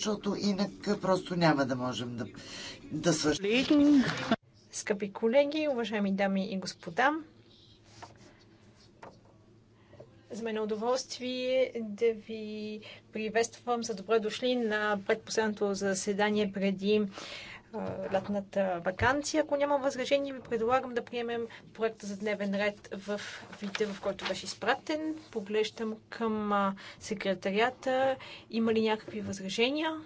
защото инак просто няма да можем да, да свършим. Скъпи колеги, уважаеми дами и господа, за мен е удоволствие да ви приветствам за добре дошли на предпоследното заседание преди лятната вакансия. Ако няма възражение, ви предлагам да приемем проекта за дневен ред в вида, в който беше изпратен. Поглеждам към секретарията. Има ли някакви възражения?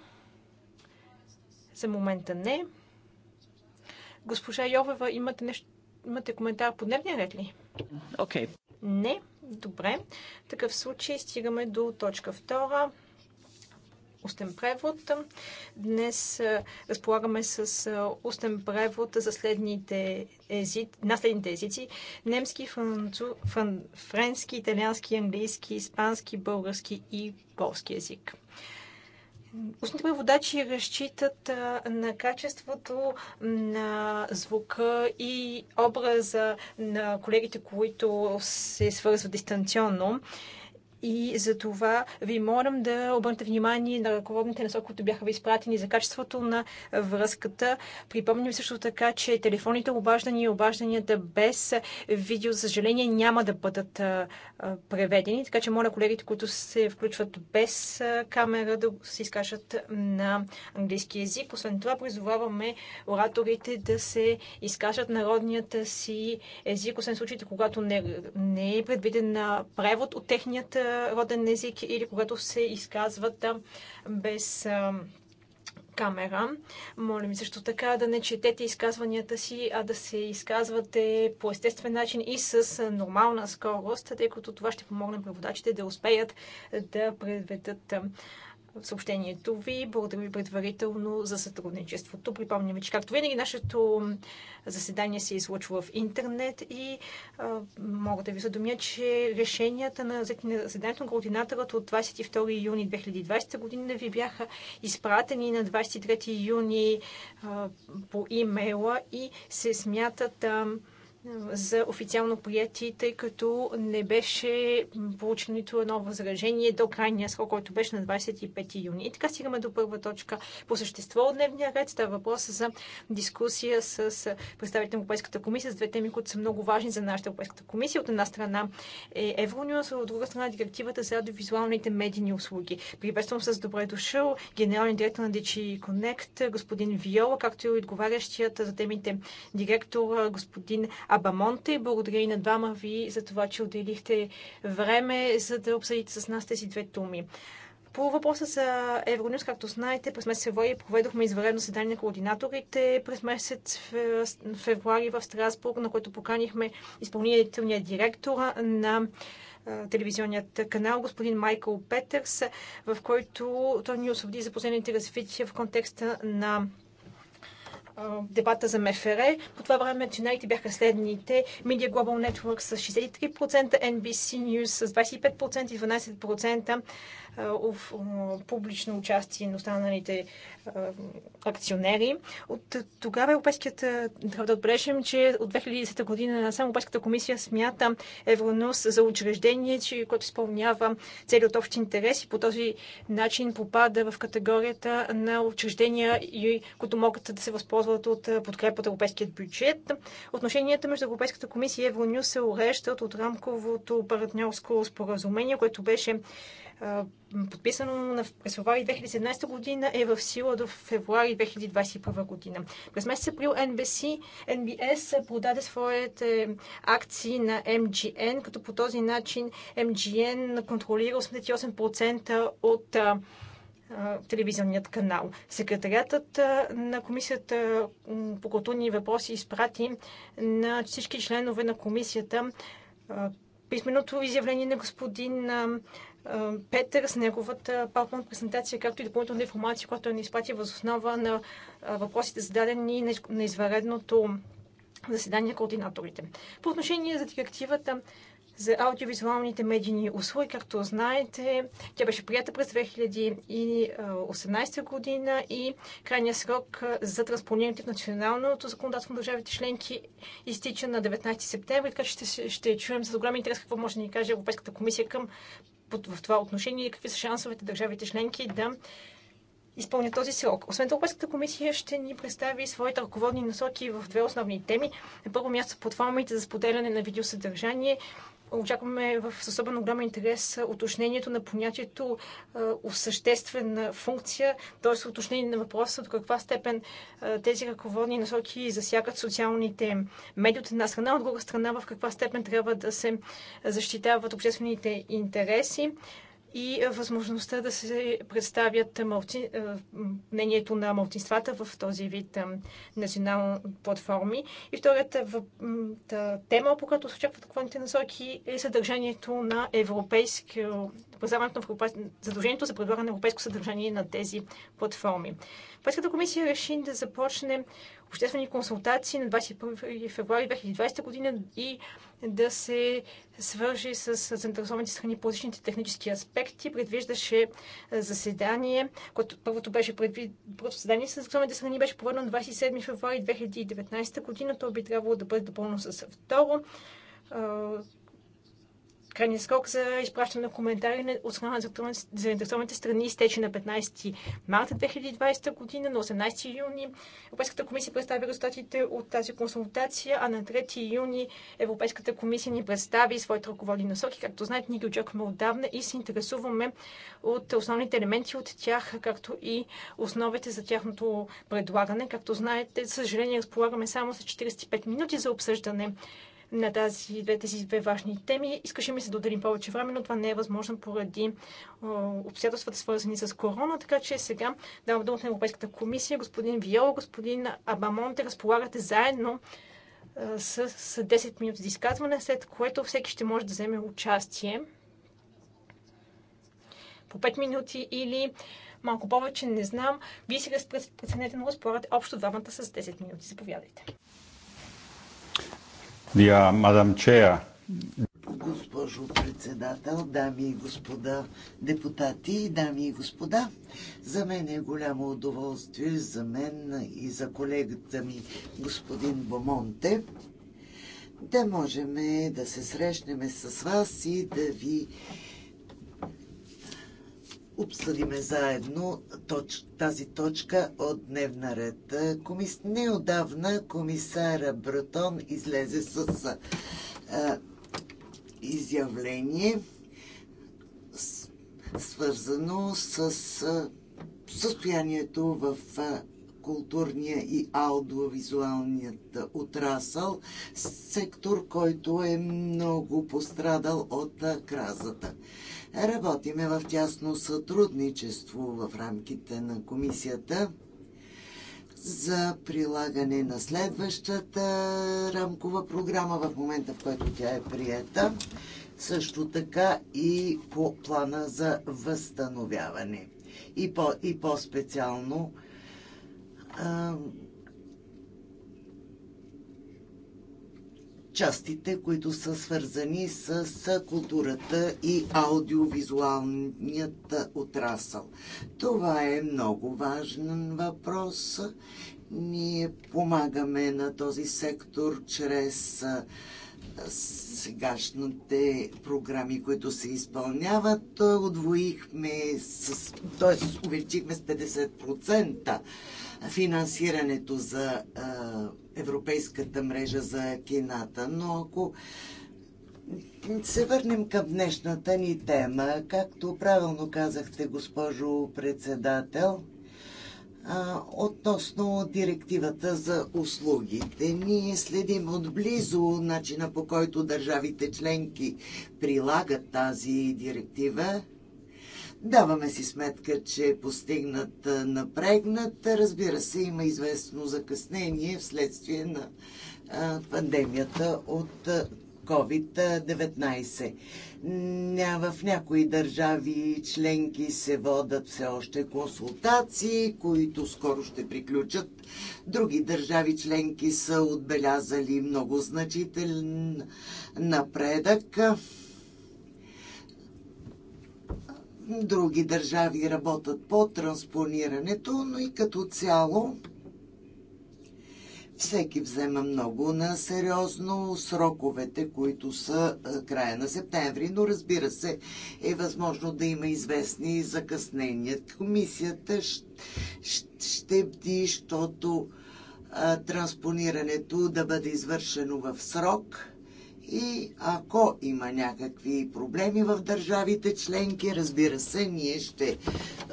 За момента не. Госпожа Йовева, имате, нещо, имате коментар по дневния ред ли? Окей. Okay. Не. Добре. В такъв случай стигаме до точка втора устен превод. Днес разполагаме с устен превод за следните езици, на следните езици. Немски, францу... фран... френски, италиански, английски, испански, български и полски език. Устните преводачи разчитат на качеството на звука и образа на колегите, които се свързват дистанционно и за това ви молям да обърнете внимание на ръководните насоки, които бяха ви изпратени за качеството на връзката. Припомням също така, че телефонните обаждания и обажданията без видео, за съжаление, няма да бъдат преведени, така че моля колегите, които се включват без камера, да се изкажат на английски язик. Освен това, призоваваме ораторите да се изкажат народният си език, освен случаите, когато не, не е предвиден превод от техният роден език или когато се изказват без камера. Моля ми също така да не четете изказванията си, а да се изказвате по естествен начин и с нормална скорост, тъй като това ще помогне преводачите да успеят да преведат съобщението ви. Благодаря ви предварително за сътрудничеството. Припомням ви, че както винаги нашето заседание се излъчва в интернет и а, мога да ви задумя, че решенията на заседанието на координаторът от 22 юни 2020 година ви бяха изпратени на 23 юни а, по имейла и се смятат а, за официално прияти, тъй като не беше получено нито едно възражение до крайния срок, който беше на 25 юни. И така стигаме до първа точка по същество от дневния ред. Става въпрос за дискусия с представител на Европейската комисия с две теми, които са много важни за нашата Европейската комисия. От една страна е Евронюс, от друга страна е директивата за аудиовизуалните медийни услуги. Приветствам с добре дошъл генералния директор на DG Connect, господин Виола, както и отговарящият за темите директор, господин Абамонте. Благодаря и на двама ви за това, че отделихте време, за да обсъдите с нас тези две думи. По въпроса за Евронюс, както знаете, през месец февруари проведохме извънредно седание на координаторите през месец февруари в Страсбург, на което поканихме изпълнителния директор на телевизионният канал, господин Майкъл Петърс, в който той ни освободи за последните развития в контекста на дебата за МФР. По това време чиналите бяха следните. Media Global Network с 63%, NBC News с 25% и 12% е, публично участие на останалите е, акционери. От тогава Европейският, е, трябва да отбележим, че от 2010 година само Европейската комисия смята Евронос за учреждение, че, което изпълнява цели от общи интерес и по този начин попада в категорията на учреждения, които могат да се възползват от подкрепа от европейският бюджет. Отношенията между Европейската комисия и Евронюс се уреждат от рамковото партньорско споразумение, което беше подписано през февруари 2017 година, е в сила до февруари 2021 година. През месец април NBC, NBS продаде своите акции на MGN, като по този начин MGN контролира 88% от телевизионният канал. Секретарятът на Комисията по културни въпроси изпрати на всички членове на комисията писменото изявление на господин Петър с неговата PowerPoint презентация, както и допълнителна информация, която ни изпрати въз основа на въпросите зададени на извънредното заседание на координаторите. По отношение за директивата за аудиовизуалните медийни услуги, както знаете, тя беше прията през 2018 година и крайният срок за транспонирането в националното законодателство на държавите членки изтича на 19 септември, така че ще, ще чуем с голям интерес какво може да ни каже Европейската комисия към в това отношение и какви са шансовете държавите членки да изпълня този срок. Освен това, Европейската комисия ще ни представи своите ръководни насоки в две основни теми. На първо място платформите за споделяне на видеосъдържание Очакваме в особено голям интерес уточнението на понятието осъществена функция, т.е. уточнение на въпроса от каква степен тези ръководни насоки засягат социалните медии от една страна, от друга страна в каква степен трябва да се защитават обществените интереси и е, възможността да се представят малци... Е, мнението на малцинствата в този вид е, национални платформи. И втората тема, по която се очакват ръководните насоки, е съдържанието на европейско задължението за предлагане на европейско съдържание на тези платформи. Европейската комисия реши да започне обществени консултации на 21 февруари 2020 година и да се свържи с заинтересованите страни по различните технически аспекти. Предвиждаше е, заседание, което първото беше предвид... първото заседание с заинтересованите страни беше проведено на 27 февруари 2019 година. То би трябвало да бъде допълно с второ е, крайния срок за изпращане на коментари от страна на заинтересованите страни изтече на 15 марта 2020 година. На 18 юни Европейската комисия представи резултатите от тази консултация, а на 3 юни Европейската комисия ни представи своите ръководни насоки. Както знаете, ние ги очакваме отдавна и се интересуваме от основните елементи от тях, както и основите за тяхното предлагане. Както знаете, за съжаление, разполагаме само с 45 минути за обсъждане на тази, двете си две важни теми. Искаше ми се да отделим повече време, но това не е възможно поради обстоятелствата, свързани с корона. Така че сега давам думата на Европейската комисия. Господин Виола, господин Абамонте, разполагате заедно с, с 10 минути за изказване, след което всеки ще може да вземе участие по 5 минути или малко повече, не знам. Вие сега преценете, но разполагате общо двамата с 10 минути. Заповядайте. Госпожо председател, дами и господа депутати, дами и господа, за мен е голямо удоволствие, за мен и за колегата ми господин Бомонте, да можем да се срещнем с вас и да ви обсъдиме заедно точ, тази точка от дневна ред. Комис... Неодавна комисара Братон излезе с а, изявление, свързано с а, състоянието в а, културния и аудиовизуалният отрасъл, сектор, който е много пострадал от кразата. Работиме в тясно сътрудничество в рамките на комисията за прилагане на следващата рамкова програма в момента, в който тя е приета. Също така и по плана за възстановяване. И, по, и по-специално частите, които са свързани с културата и аудиовизуалният отрасъл. Това е много важен въпрос. Ние помагаме на този сектор чрез сегашните програми, които се изпълняват, удвоихме, т.е. увеличихме с 50% финансирането за Европейската мрежа за кината. Но ако се върнем към днешната ни тема, както правилно казахте, госпожо председател, относно директивата за услугите. Ние следим отблизо начина по който държавите членки прилагат тази директива Даваме си сметка, че е постигнат напрегнат. Разбира се, има известно закъснение вследствие на пандемията от COVID-19. В някои държави членки се водат все още консултации, които скоро ще приключат. Други държави членки са отбелязали много значителен напредък други държави работят по транспонирането, но и като цяло всеки взема много на сериозно сроковете, които са е, края на септември, но разбира се е възможно да има известни закъснения. Комисията ще бди, защото е, транспонирането да бъде извършено в срок – и ако има някакви проблеми в държавите членки, разбира се, ние ще е,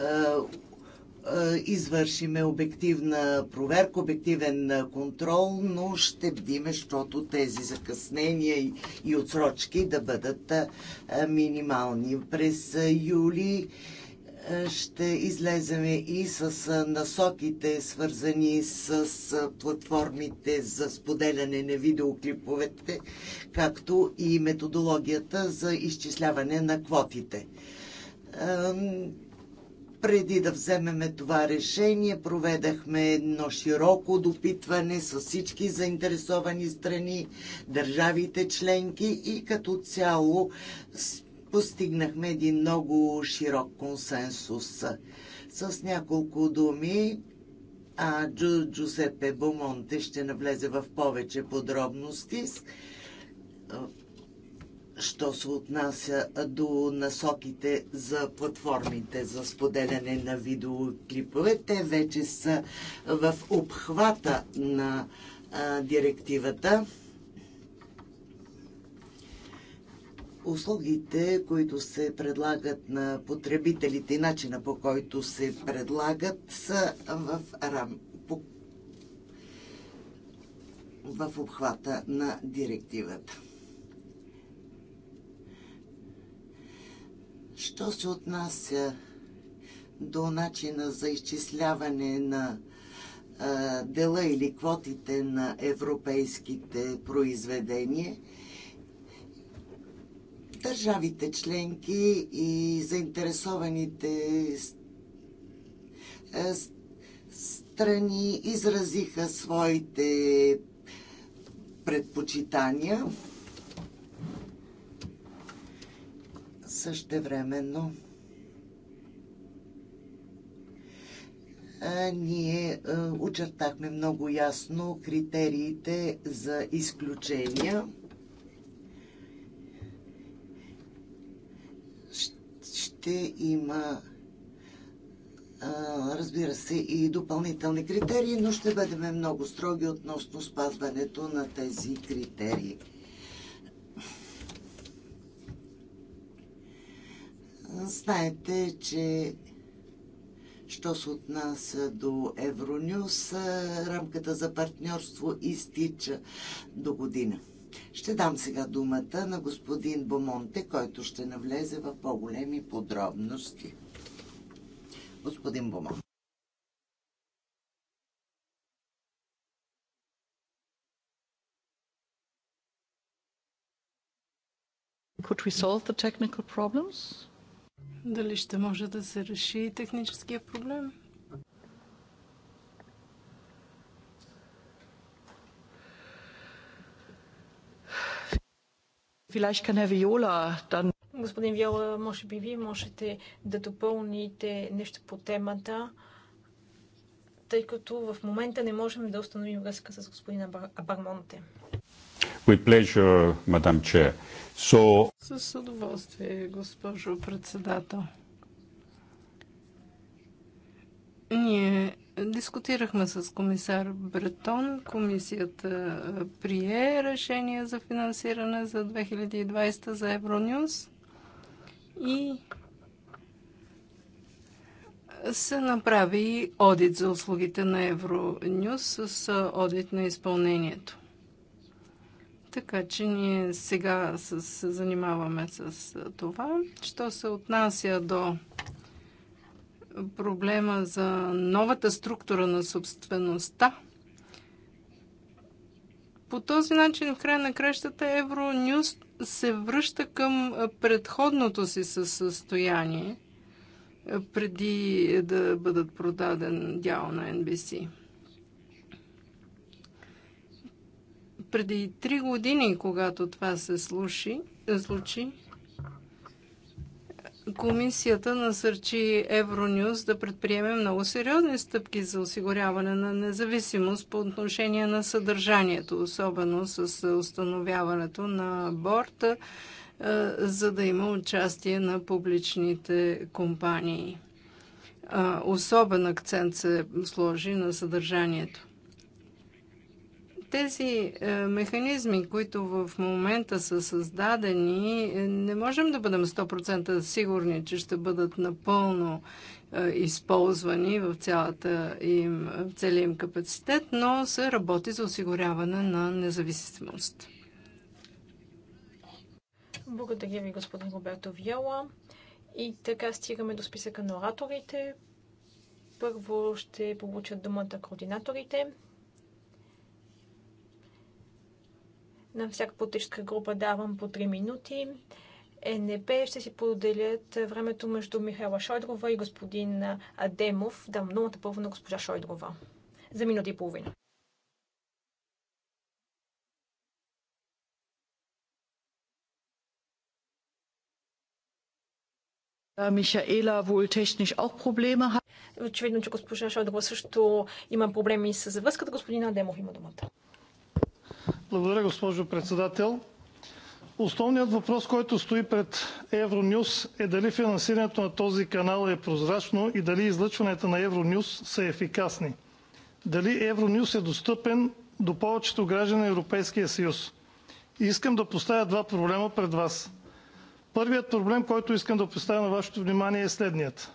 е извършиме обективна проверка, обективен контрол, но ще бдиме, защото тези закъснения и, и отсрочки да бъдат е, минимални. През юли ще излезем и с насоките, свързани с платформите за споделяне на видеоклиповете, както и методологията за изчисляване на квотите. Преди да вземеме това решение, проведахме едно широко допитване с всички заинтересовани страни, държавите членки и като цяло постигнахме един много широк консенсус. С няколко думи, а Джу, Джузепе Бомонте ще навлезе в повече подробности, що се отнася до насоките за платформите за споделяне на видеоклипове. Те вече са в обхвата на а, директивата. услугите, които се предлагат на потребителите и начина по който се предлагат са в, рам, по, в обхвата на директивата. Що се отнася до начина за изчисляване на дела или квотите на европейските произведения – държавите членки и заинтересованите е, страни изразиха своите предпочитания. Същевременно е, ние е, очертахме много ясно критериите за изключения. ще има разбира се, и допълнителни критерии, но ще бъдем много строги относно спазването на тези критерии. Знаете, че що се отнася до Евронюс, рамката за партньорство изтича до година. Ще дам сега думата на господин Бомонте, който ще навлезе в по-големи подробности. Господин Бомонте. Could we solve the technical problems? Дали ще може да се реши техническия проблем? Господин Виола, може би вие можете да допълните нещо по темата, тъй като в момента не можем да установим връзка с господин Абармонте. With pleasure, Madam Chair. So... С удоволствие, госпожо председател. Ние Дискутирахме с комисар Бретон. Комисията прие решение за финансиране за 2020 за Евронюс и се направи одит за услугите на Евронюс с одит на изпълнението. Така че ние сега се занимаваме с това. Що се отнася до проблема за новата структура на собствеността. По този начин, в края на кращата, Евронюс се връща към предходното си състояние е, преди да бъдат продаден дял на NBC. Преди три години, когато това се е, случи, случи Комисията насърчи Евронюс да предприеме много сериозни стъпки за осигуряване на независимост по отношение на съдържанието, особено с установяването на борта, е, за да има участие на публичните компании. Е, особен акцент се сложи на съдържанието. Тези е, механизми, които в момента са създадени, е, не можем да бъдем 100% сигурни, че ще бъдат напълно е, използвани в цялата им, в целия им капацитет, но се работи за осигуряване на независимост. Благодаря ви, господин Роберто Виела. И така стигаме до списъка на ораторите. Първо ще получат думата координаторите. На всяка политическа група давам по 3 минути. Е ЕНП ще си поделят времето между Михайла Шойдрова и господин Адемов. Дам думата първо на госпожа Шойдрова за минути и половина. Михаела äh, wohl technisch auch Probleme Очевидно, че госпожа Шойдрова също има проблеми с връзката. Господин Адемов има думата. Благодаря, госпожо Председател. Основният въпрос, който стои пред Евронюс, е дали финансирането на този канал е прозрачно и дали излъчването на Евронюс са ефикасни. Дали Евронюс е достъпен до повечето граждани на Европейския съюз. И искам да поставя два проблема пред вас. Първият проблем, който искам да поставя на вашето внимание е следният.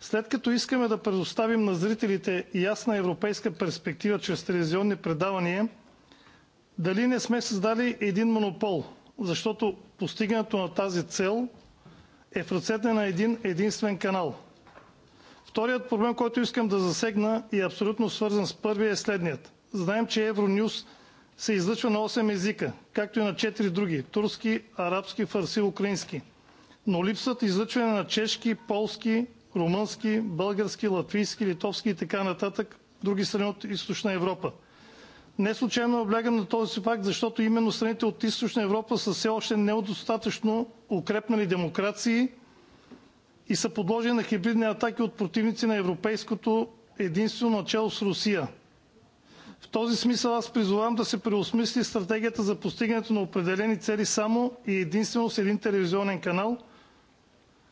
След като искаме да предоставим на зрителите ясна европейска перспектива чрез телевизионни предавания – дали не сме създали един монопол, защото постигането на тази цел е в ръцете на един-единствен канал. Вторият проблем, който искам да засегна и е абсолютно свързан с първия, е следният. Знаем, че Евронюс се излъчва на 8 езика, както и на 4 други – турски, арабски, фарси, украински, но липсват излъчвания на чешки, полски, румънски, български, латвийски, литовски и така нататък – други страни от Източна Европа. Не случайно облягам на този факт, защото именно страните от Източна Европа са все още недостатъчно укрепнали демокрации и са подложени на хибридни атаки от противници на европейското единствено начало с Русия. В този смисъл аз призовавам да се преосмисли стратегията за постигането на определени цели само и единствено с един телевизионен канал,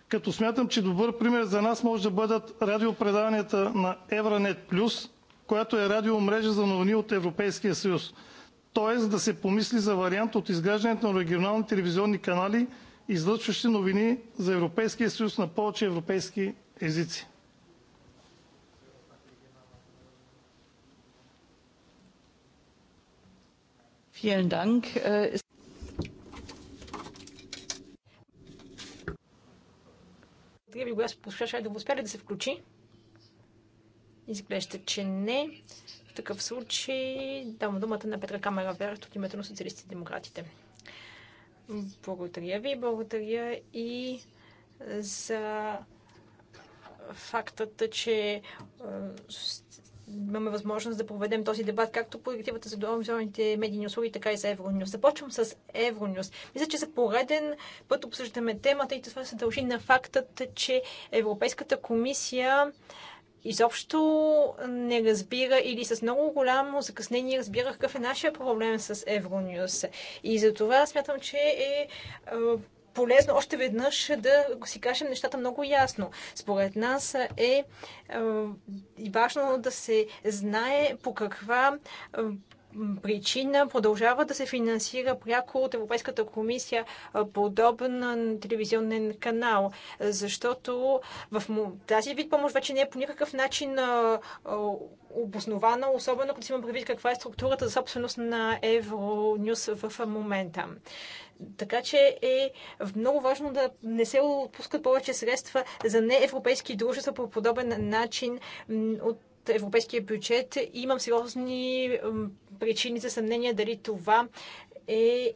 като смятам, че добър пример за нас може да бъдат радиопредаванията на Евранет Плюс която е радиомрежа за новини от Европейския съюз, тоест да се помисли за вариант от изграждането на регионални телевизионни канали, излъчващи новини за Европейския съюз на повече европейски езици. Äh, Благодаря ви, госпожа Шайдова. Успя ли да се включи? Изглежда, че не. В такъв случай дам думата на Петра Камера Верт от името на социалистите и демократите. Благодаря ви, благодаря и за фактът, че е, имаме възможност да проведем този дебат както по директивата за аудиовизуалните медийни услуги, така и за Евронюс. Започвам с Евронюс. Мисля, че за пореден път обсъждаме темата и това се дължи на фактът, че Европейската комисия изобщо не разбира или с много голямо закъснение разбира какъв е нашия проблем с Евронюс. И за това смятам, че е, е полезно още веднъж да си кажем нещата много ясно. Според нас е, е, важно да се знае по каква е, причина продължава да се финансира пряко от Европейската комисия подобен телевизионен канал, защото в тази вид помощ вече не е по никакъв начин обоснована, особено като си има предвид каква е структурата за собственост на Евронюс в момента. Така че е много важно да не се отпускат повече средства за неевропейски дружества по подобен начин от европейския бюджет имам сериозни причини за съмнение дали това е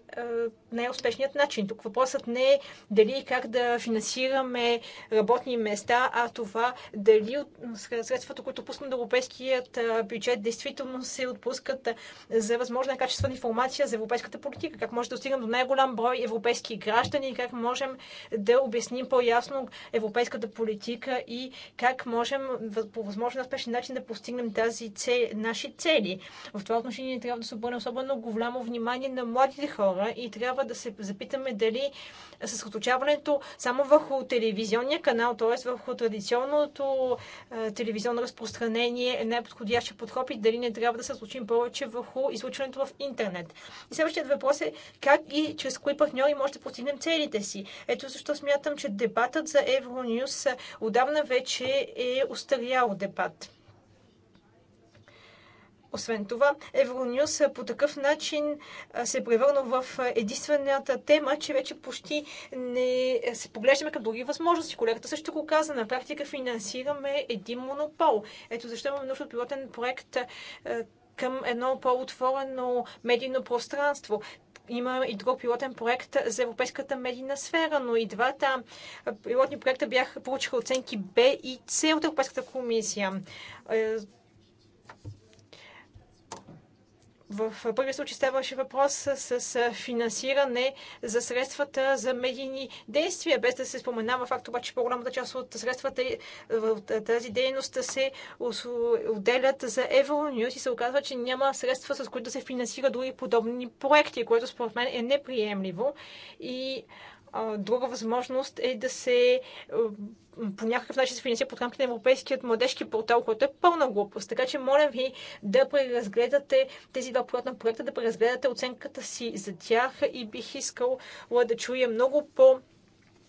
най-успешният начин. Тук въпросът не е дали как да финансираме работни места, а това дали от средствата, които пускат от европейският бюджет, действително се отпускат за възможна качествена информация за европейската политика. Как може да достигнем до най-голям брой европейски граждани и как можем да обясним по-ясно европейската политика и как можем по възможно успешен начин да постигнем тази цел, наши цели. В това отношение трябва да се обърне особено голямо внимание на младите хора и трябва да се запитаме дали съсредоточаването само върху телевизионния канал, т.е. върху традиционното телевизионно разпространение е най-подходящия подход и дали не трябва да се случим повече върху излучването в интернет. И следващият въпрос е как и чрез кои партньори може да постигнем целите си. Ето защо смятам, че дебатът за Евронюс отдавна вече е устарял дебат. Освен това, Евронюс по такъв начин се е превърна в единствената тема, че вече почти не се поглеждаме към други възможности. Колегата също го каза. На практика финансираме един монопол. Ето защо имаме нужда от пилотен проект към едно по-отворено медийно пространство има и друг пилотен проект за европейската медийна сфера, но и двата пилотни проекта бяха, получиха оценки Б и С от Европейската комисия. Е, В първия случай ставаше въпрос с, с финансиране за средствата за медийни действия, без да се споменава факт обаче по-голямата част от средствата в тази дейност се отделят за Евронюс и се оказва, че няма средства, с които да се финансира други подобни проекти, което според мен е неприемливо и Друга възможност е да се по някакъв начин се финансира под рамките на Европейският младежки портал, който е пълна глупост. Така че моля ви да преразгледате тези два проектна проекта, да преразгледате оценката си за тях и бих искал да чуя много по-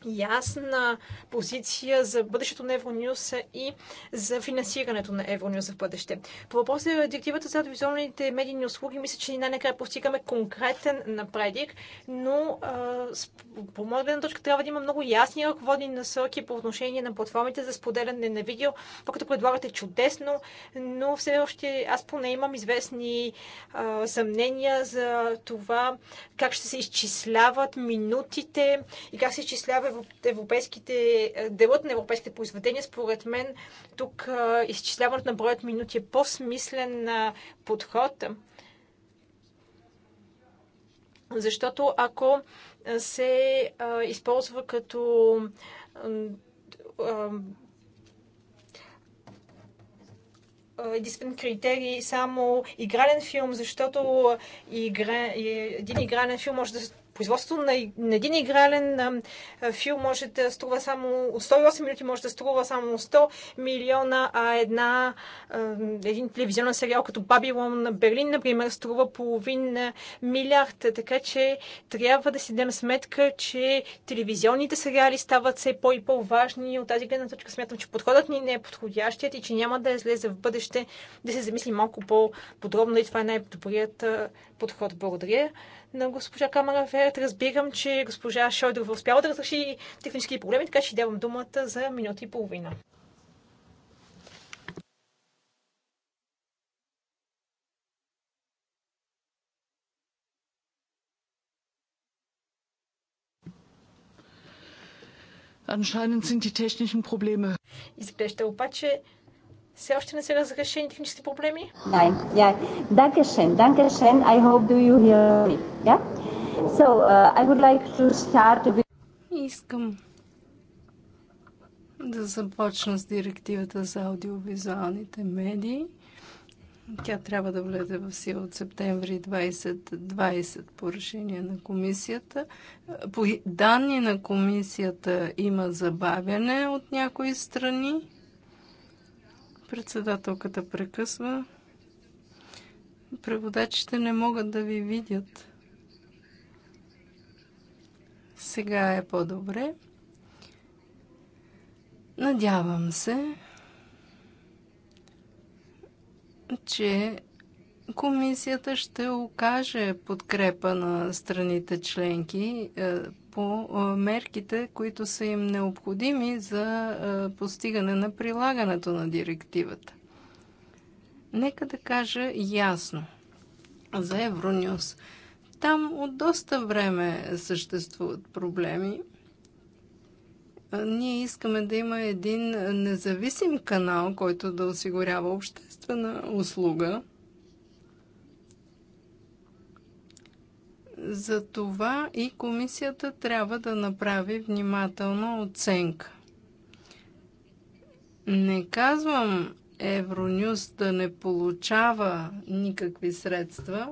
ясна позиция за бъдещето на Евронюс и за финансирането на Евронюс в бъдеще. По въпроса за директивата за визуалните медийни услуги, мисля, че най-накрая постигаме конкретен напредик, но по моя гледна точка трябва да има много ясни ръководни насоки по отношение на платформите за споделяне на видео. Това, като предлагате чудесно, но все още аз поне имам известни а, съмнения за това как ще се изчисляват минутите и как се изчислява европейските, е, делът на европейските произведения, според мен тук е, изчисляването на броят минути е по-смислен е, подход. Защото ако се използва като единствен критерий само игрален филм, защото игра, един игрален филм може да производството на, на един игрален филм може да струва само 108 минути, може да струва само 100 милиона, а една, един телевизионен сериал като Бабилон на Берлин, например, струва половин милиард. Така че трябва да си дадем сметка, че телевизионните сериали стават все по- и по-важни. От тази гледна точка смятам, че подходът ни не е подходящият и че няма да излезе в бъдеще да се замисли малко по-подробно и това е най-добрият подход. Благодаря на госпожа Камара Верет. Разбирам, че госпожа Шойдрова е успяла да разреши технически проблеми, така че давам думата за минута и половина. Anscheinend sind die technischen Probleme. Изглежда обаче все още не са разрешени технически проблеми? Да, да. Dankeschön, Dankeschön. I hope do you hear me. Yeah? So, uh, I would like to start with... Искам да започна с директивата за аудиовизуалните медии. Тя трябва да влезе в сила от септември 2020 по решение на комисията. По данни на комисията има забавяне от някои страни. Председателката прекъсва. Преводачите не могат да ви видят. Сега е по-добре. Надявам се, че комисията ще окаже подкрепа на страните членки е, по мерките, които са им необходими за постигане на прилагането на директивата. Нека да кажа ясно за Евронюс. Там от доста време съществуват проблеми. Ние искаме да има един независим канал, който да осигурява обществена услуга За това и комисията трябва да направи внимателна оценка. Не казвам Евронюс да не получава никакви средства,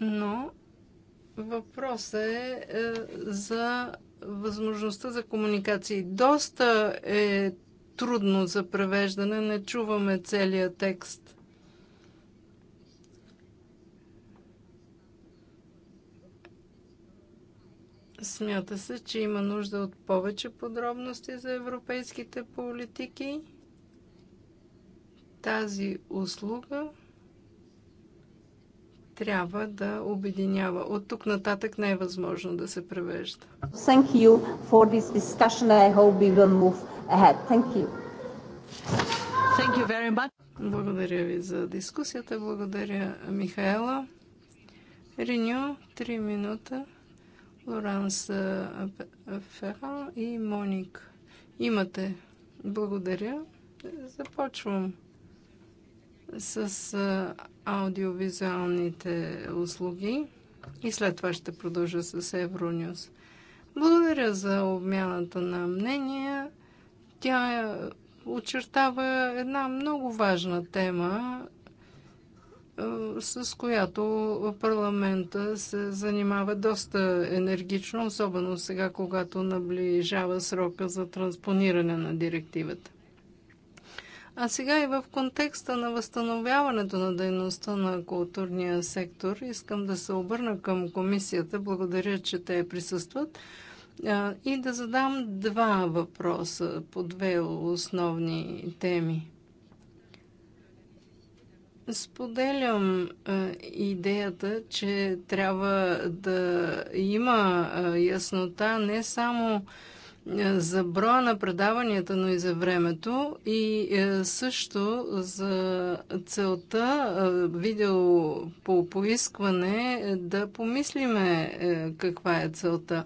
но въпросът е, е за възможността за комуникации. Доста е трудно за превеждане, не чуваме целия текст. Смята се, че има нужда от повече подробности за европейските политики. Тази услуга трябва да обединява. От тук нататък не е възможно да се превежда. Thank you for this discussion. I hope we will move ahead. Thank you. Thank you very much. Благодаря ви за дискусията. Благодаря, Михаела. Реню, три минута. Лоранс Ферал и Моник. Имате. Благодаря. Започвам с аудиовизуалните услуги и след това ще продължа с Евронюс. Благодаря за обмяната на мнения. Тя е, очертава една много важна тема с която парламента се занимава доста енергично, особено сега, когато наближава срока за транспониране на директивата. А сега и в контекста на възстановяването на дейността на културния сектор, искам да се обърна към комисията. Благодаря, че те присъстват. И да задам два въпроса по две основни теми. Споделям идеята, че трябва да има яснота не само за броя на предаванията, но и за времето и също за целта видео по поискване да помислиме каква е целта.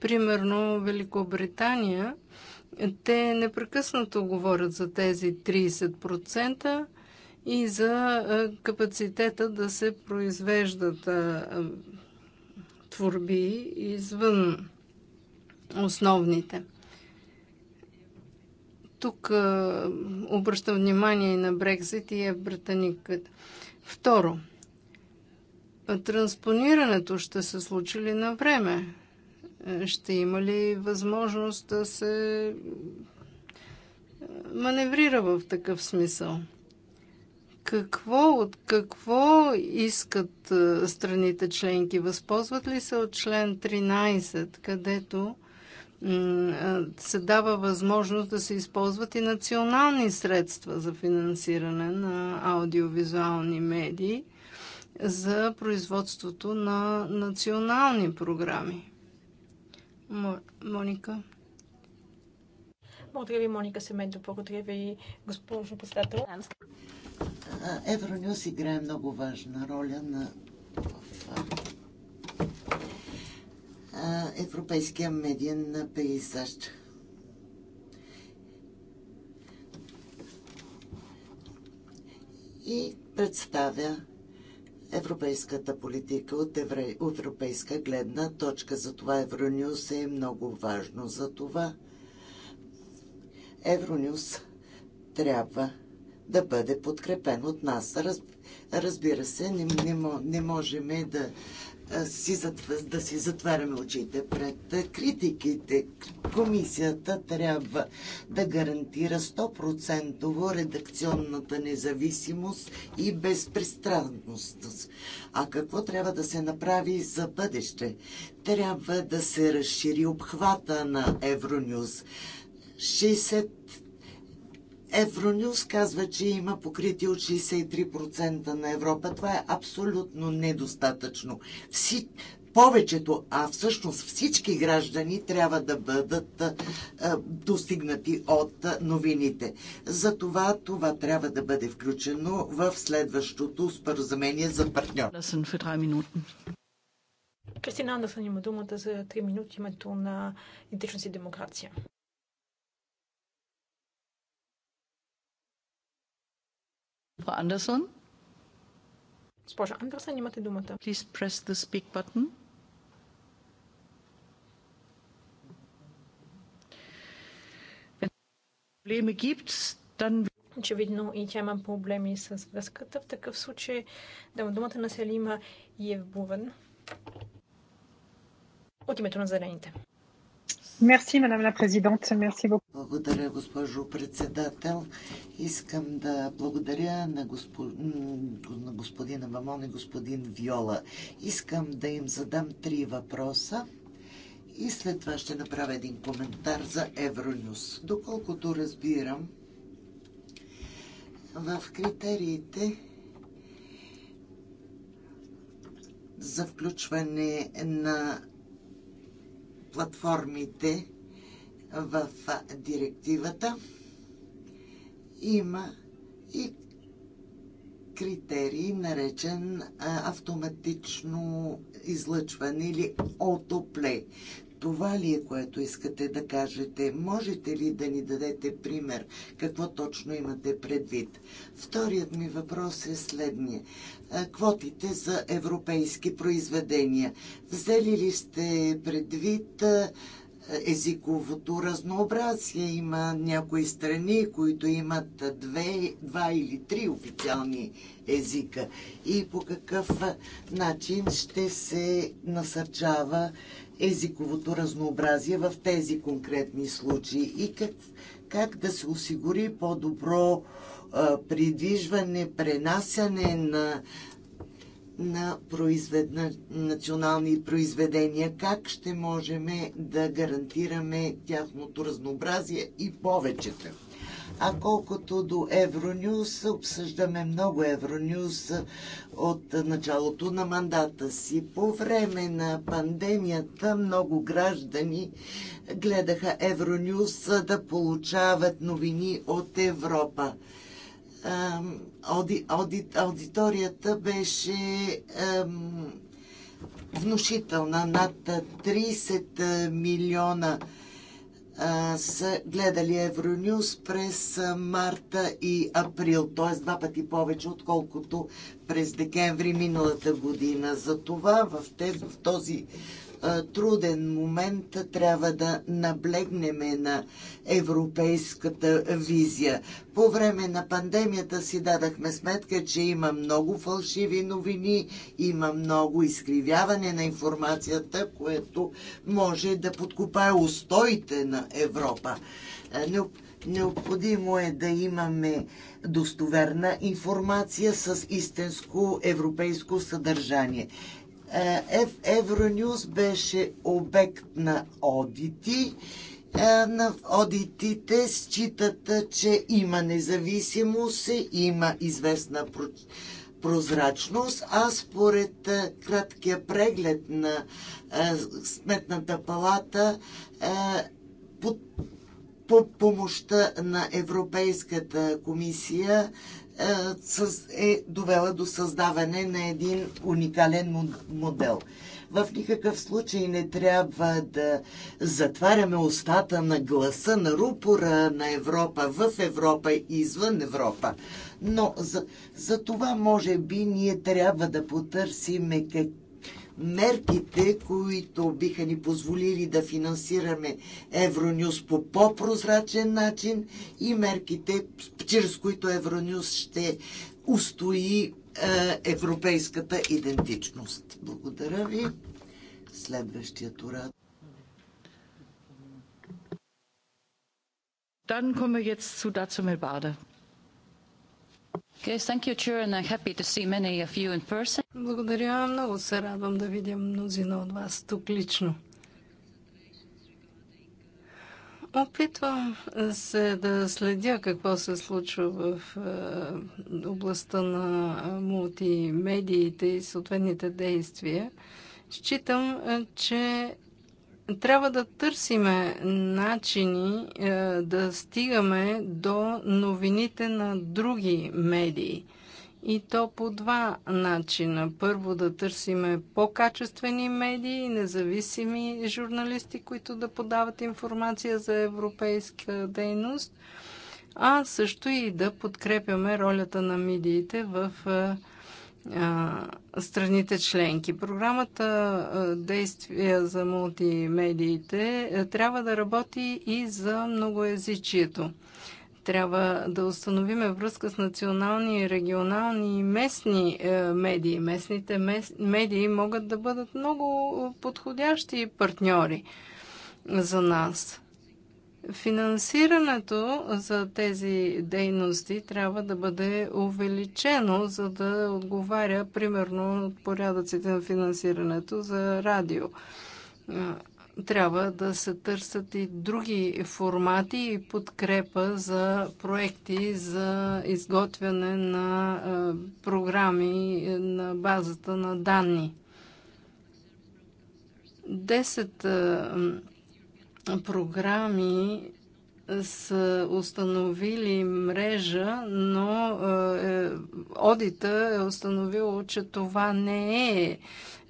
Примерно Великобритания, те непрекъснато говорят за тези 30%, и за капацитета да се произвеждат творби извън основните. Тук обръщам внимание и на Брекзит и е Британикът. Второ, транспонирането ще се случи ли на време? Ще има ли възможност да се маневрира в такъв смисъл? Какво, от какво искат е, страните членки? Възползват ли се от член 13, където е, се дава възможност да се използват и национални средства за финансиране на аудиовизуални медии за производството на национални програми. Моника. Благодаря ви, Моника Сементо. Благодаря ви, госпожо председател. Евронюс играе много важна роля на, в а, европейския медиен пейзаж. И представя европейската политика от европейска гледна точка. за това Евронюс е много важно. за това. Евронюс трябва да бъде подкрепен от нас. Раз, разбира се, не, не, не можем да си, да си затваряме очите пред критиките. Комисията трябва да гарантира 100% редакционната независимост и безпристранност. А какво трябва да се направи за бъдеще? Трябва да се разшири обхвата на Евронюз. 60 Евронюс казва, че има покритие от 63% на Европа. Това е абсолютно недостатъчно. Вси, повечето, а всъщност всички граждани трябва да бъдат достигнати от новините. Затова това трябва да бъде включено в следващото споразумение за партньор. Кристина Андерсън има думата за 3 минути името на идентичност и демокрация. Frau Андерсон? Госпожа Андерсон, имате думата. Please press the speak button. Probleme gibt, dann Очевидно и тя има проблеми с връзката. В такъв случай давам думата на Селима Евбувен от името на зелените. Мерси, мадам ла президент. Мерси beaucoup. Благодаря, госпожо председател. Искам да благодаря на, госпо... на господина Мамон и господин Виола. Искам да им задам три въпроса и след това ще направя един коментар за Евронюс. Доколкото разбирам, в критериите за включване на платформите в директивата. Има и критерий, наречен автоматично излъчване или отопле. Това ли е, което искате да кажете? Можете ли да ни дадете пример? Какво точно имате предвид? Вторият ми въпрос е следния. Квотите за европейски произведения. Взели ли сте предвид езиковото разнообразие? Има някои страни, които имат две, два или три официални езика. И по какъв начин ще се насърчава езиковото разнообразие в тези конкретни случаи и как, как да се осигури по-добро придвижване, пренасяне на, на произвед, на национални произведения, как ще можем да гарантираме тяхното разнообразие и повечето. А колкото до Евронюс, обсъждаме много Евронюс от началото на мандата си. По време на пандемията много граждани гледаха Евронюс да получават новини от Европа. Ауди, ауди, аудиторията беше ам, внушителна над 30 милиона са гледали Евронюс през марта и април, т.е. два пъти повече, отколкото през декември миналата година. Затова в, в този труден момент трябва да наблегнеме на европейската визия. По време на пандемията си дадахме сметка, че има много фалшиви новини, има много изкривяване на информацията, което може да подкопае устоите на Европа. Необходимо е да имаме достоверна информация с истинско европейско съдържание. Е, е, Евронюс беше обект на одити. Е, на одитите считат, че има независимост, има известна прозрачност, а според краткия преглед на Сметната палата по помощта на Европейската комисия е, е довела до създаване на един уникален модел. В никакъв случай не трябва да затваряме устата на гласа, на рупора на Европа, в Европа и извън Европа. Но за, за това, може би, ние трябва да потърсим как, мерките, които биха ни позволили да финансираме Евронюс по по-прозрачен начин и мерките, чрез които Евронюс ще устои е, европейската идентичност. Благодаря ви. Следващият урад. Dann kommen wir jetzt zu Dazumel Bade. Благодаря, много се радвам да видя мнозина от вас тук лично. Опитвам се да следя какво се случва в е, областта на мултимедиите и съответните действия. Считам, е, че трябва да търсиме начини е, да стигаме до новините на други медии. И то по два начина. Първо да търсиме по-качествени медии, независими журналисти, които да подават информация за европейска дейност, а също и да подкрепяме ролята на медиите в е, страните членки. Програмата Действия за мултимедиите трябва да работи и за многоязичието. Трябва да установиме връзка с национални, регионални и местни медии. Местните медии могат да бъдат много подходящи партньори за нас Финансирането за тези дейности трябва да бъде увеличено, за да отговаря примерно от порядъците на финансирането за радио. Трябва да се търсят и други формати и подкрепа за проекти за изготвяне на програми на базата на данни. 10 програми са установили мрежа, но е, одита е установило, че това не е,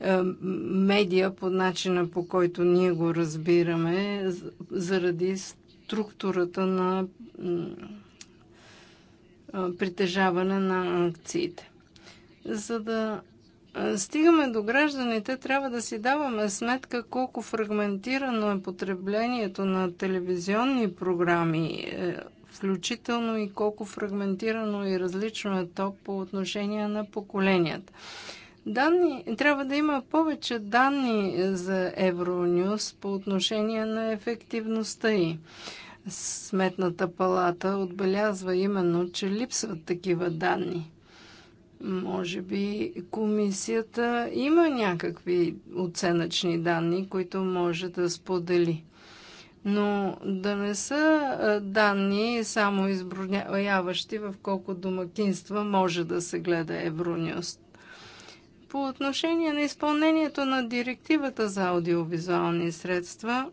е медия по начина по който ние го разбираме, заради структурата на е, притежаване на акциите. За да стигаме до гражданите, трябва да си даваме сметка колко фрагментирано е потреблението на телевизионни програми, е, включително и колко фрагментирано и различно е то по отношение на поколенията. Данни, трябва да има повече данни за Евронюс по отношение на ефективността и. Сметната палата отбелязва именно, че липсват такива данни. Може би комисията има някакви оценъчни данни, които може да сподели. Но да не са данни само изброяващи в колко домакинства може да се гледа Евронюст. По отношение на изпълнението на директивата за аудиовизуални средства,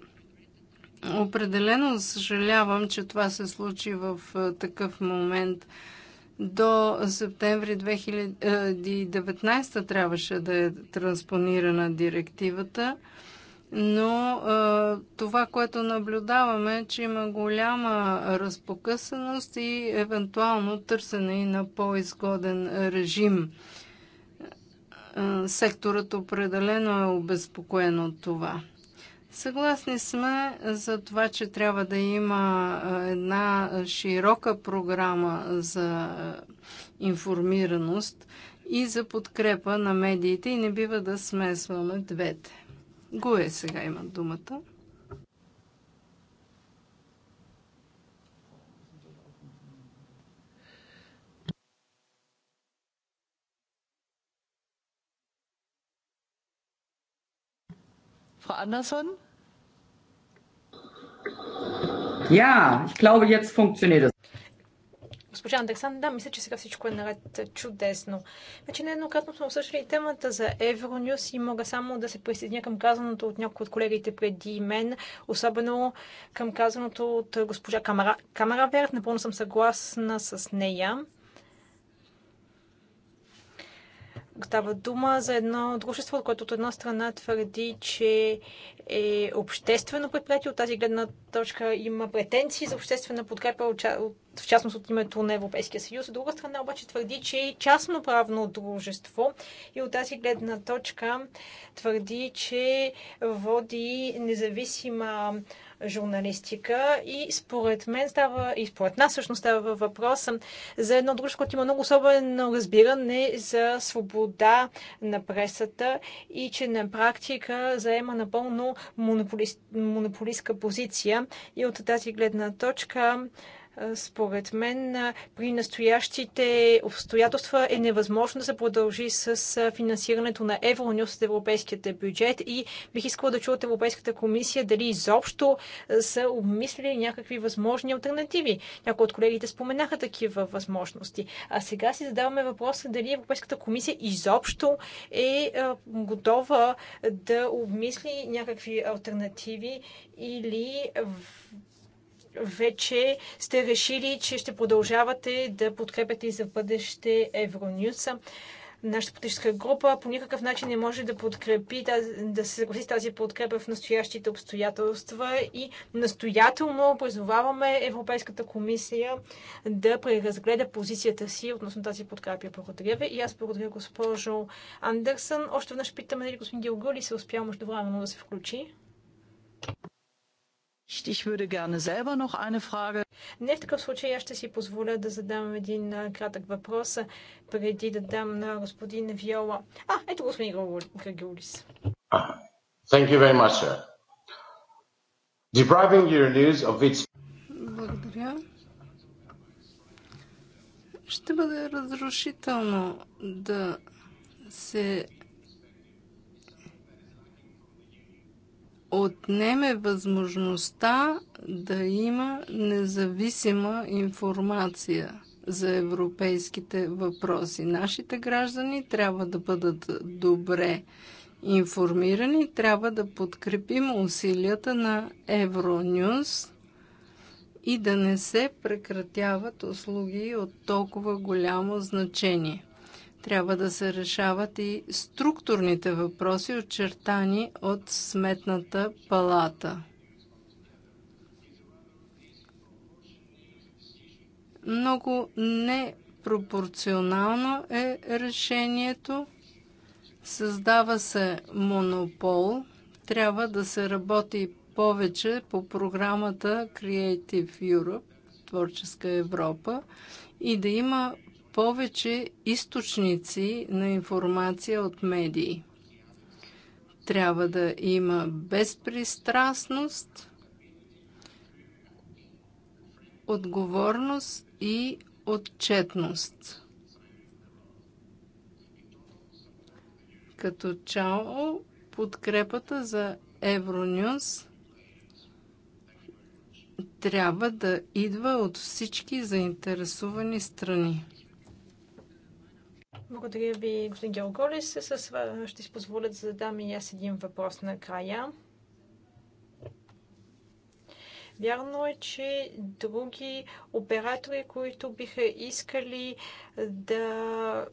определено съжалявам, че това се случи в такъв момент – до септември 2019 трябваше да е транспонирана директивата, но това, което наблюдаваме, е, че има голяма разпокъсаност и евентуално търсене на по-изгоден режим. Секторът определено е обезпокоен от това. Съгласни сме за това, че трябва да има една широка програма за информираност и за подкрепа на медиите и не бива да смесваме двете. Гуе сега има думата. Frau Anderson? Я, ich glaube, jetzt funktioniert Госпожа Андерсан, да, мисля, че сега всичко е наред чудесно. Вече нееднократно сме обсъждали темата за Евронюс и мога само да се присъединя към казаното от някои от колегите преди мен, особено към казаното от госпожа Камара, Камара Верт. Напълно съм съгласна с нея. Става дума за едно дружество, което от една страна твърди, че е обществено предприятие. От тази гледна точка има претенции за обществена подкрепа, в частност от името на Европейския съюз. От друга страна обаче твърди, че е частно правно дружество и от тази гледна точка твърди, че води независима журналистика и според мен става, и според нас всъщност става въпрос за едно дружко, което има много особено разбиране за свобода на пресата и че на практика заема напълно монополист, монополистка позиция и от тази гледна точка според мен при настоящите обстоятелства е невъзможно да се продължи с финансирането на Евронюс от европейските бюджет и бих искала да чуя от Европейската комисия дали изобщо са обмислили някакви възможни альтернативи. Някои от колегите споменаха такива възможности. А сега си задаваме въпроса дали Европейската комисия изобщо е готова да обмисли някакви альтернативи или вече сте решили, че ще продължавате да подкрепяте и за бъдеще Евронюс. Нашата политическа група по никакъв начин не може да подкрепи, да, се съгласи с тази подкрепа в настоящите обстоятелства и настоятелно призоваваме Европейската комисия да преразгледа позицията си относно тази подкрепа. Благодаря ви и аз благодаря госпожо Андерсън. Още веднъж питаме дали господин Дилгули се успя междувременно да се включи. Не в такъв случай аз ще си позволя да задам един кратък въпрос, преди да дам на господин Виола. А, ето господин Грагиулис. Thank you very much, sir. Depriving your news of its... Благодаря. Ще бъде разрушително да се отнеме възможността да има независима информация за европейските въпроси. Нашите граждани трябва да бъдат добре информирани, трябва да подкрепим усилията на Евронюс и да не се прекратяват услуги от толкова голямо значение трябва да се решават и структурните въпроси, очертани от Сметната палата. Много непропорционално е решението. Създава се монопол. Трябва да се работи повече по програмата Creative Europe, Творческа Европа, и да има повече източници на информация от медии. Трябва да има безпристрастност, отговорност и отчетност. Като чао, подкрепата за Евронюс трябва да идва от всички заинтересувани страни. Благодаря ви, господин Георголис. ще си позволя да задам и аз един въпрос накрая. Вярно е, че други оператори, които биха искали да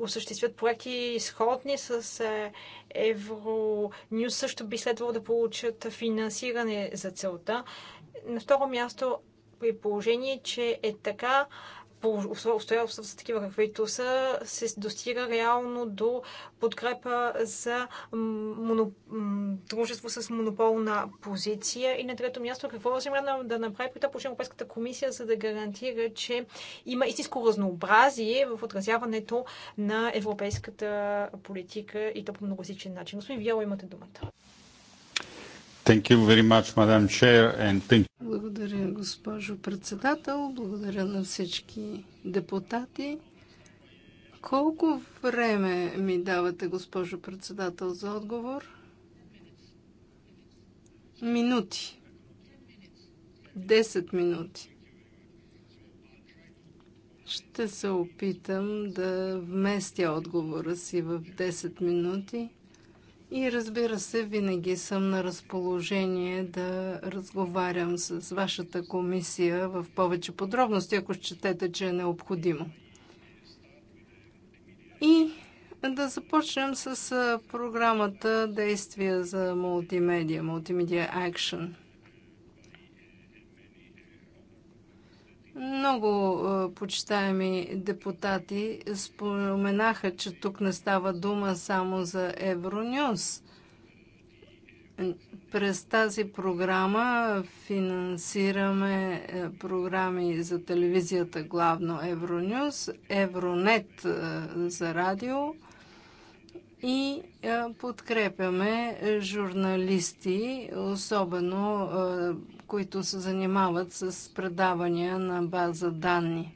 осъществят проекти сходни с е, Евронюс, също би следвало да получат финансиране за целта. На второ място, при положение, че е така, обстоятелства са такива каквито са, се достига реално до подкрепа за моно... дружество с монополна позиция. И на трето място, какво възможно да направи при това Европейската комисия, за да гарантира, че има истинско разнообразие в отразяването на европейската политика и то по многозичен начин. Господин Виало, имате думата. Thank you very much, Madam Chair, and thank Благодаря, госпожо председател. Благодаря на всички депутати. Колко време ми давате, госпожо председател, за отговор? Минути. 10 минути. Ще се опитам да вместя отговора си в 10 минути. И разбира се, винаги съм на разположение да разговарям с вашата комисия в повече подробности, ако счетете, че е необходимо. И да започнем с програмата Действия за мултимедия, Multimedia Action – Много е, почитаеми депутати споменаха, че тук не става дума само за Евронюс. През тази програма финансираме е, програми за телевизията, главно Евронюс, Евронет е, за радио и подкрепяме журналисти, особено които се занимават с предавания на база данни.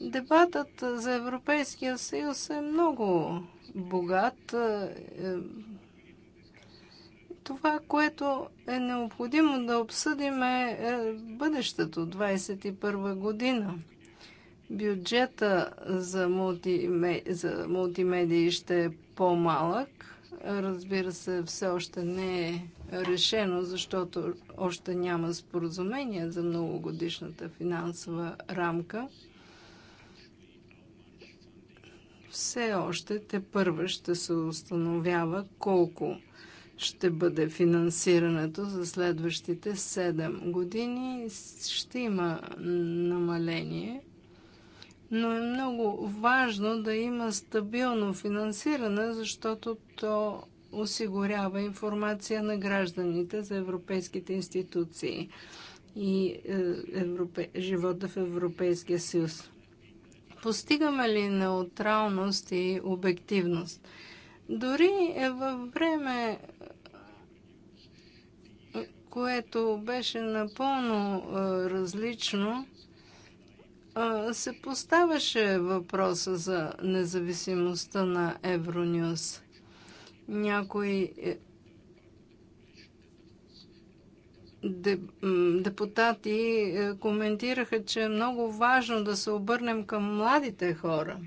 Дебатът за Европейския съюз е много богат. Е, е, това, което е необходимо да обсъдим е, е бъдещето, 21 година. Бюджета за, мултиме... за мултимедии ще е по-малък. Разбира се, все още не е решено, защото още няма споразумение за многогодишната финансова рамка. Все още те първа ще се установява колко ще бъде финансирането за следващите 7 години. Ще има намаление, но е много важно да има стабилно финансиране, защото то осигурява информация на гражданите за европейските институции и е, европе... живота в Европейския съюз. Постигаме ли неутралност и обективност? Дори е във време, което беше напълно е, различно, е, се поставяше въпроса за независимостта на Евронюс. Някои е, депутати е, коментираха, че е много важно да се обърнем към младите хора.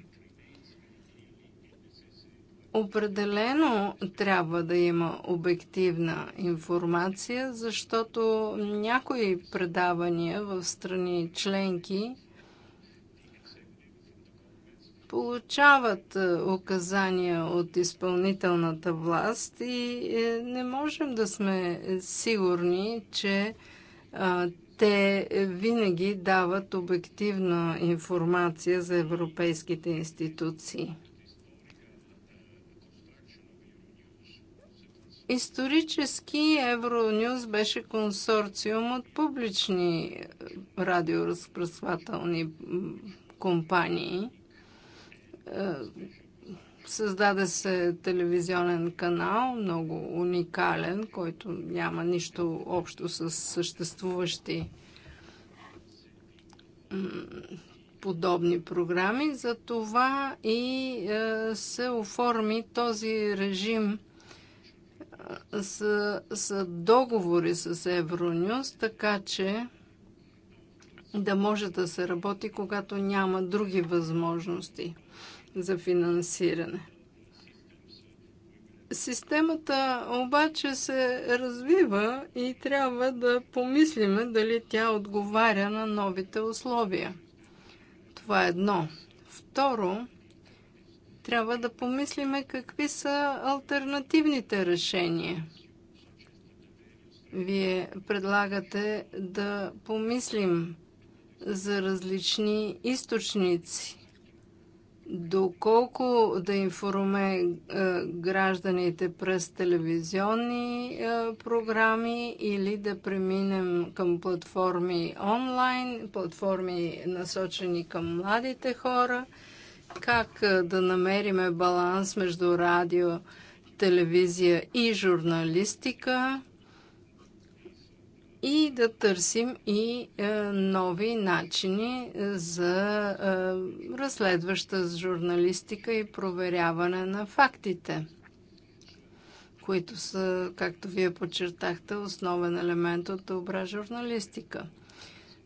Определено трябва да има обективна информация, защото някои предавания в страни членки – получават е, указания от изпълнителната власт и е, не можем да сме сигурни, че те винаги дават обективна информация за европейските институции. Исторически Евронюз беше консорциум от публични е, радиоразпръсвателни компании – е, създаде се телевизионен канал, много уникален, който няма нищо общо с съществуващи подобни програми. За това и е, се оформи този режим е, с, с договори с Евронюс, така че да може да се работи, когато няма други възможности за финансиране. Системата обаче се развива и трябва да помислиме дали тя отговаря на новите условия. Това е едно. Второ, трябва да помислиме какви са альтернативните решения. Вие предлагате да помислим за различни източници доколко да информе е, гражданите през телевизионни е, програми или да преминем към платформи онлайн, платформи насочени към младите хора, как е, да намериме баланс между радио, телевизия и журналистика, и да търсим и е, нови начини за е, разследваща журналистика и проверяване на фактите, които са, както вие подчертахте, основен елемент от добра журналистика.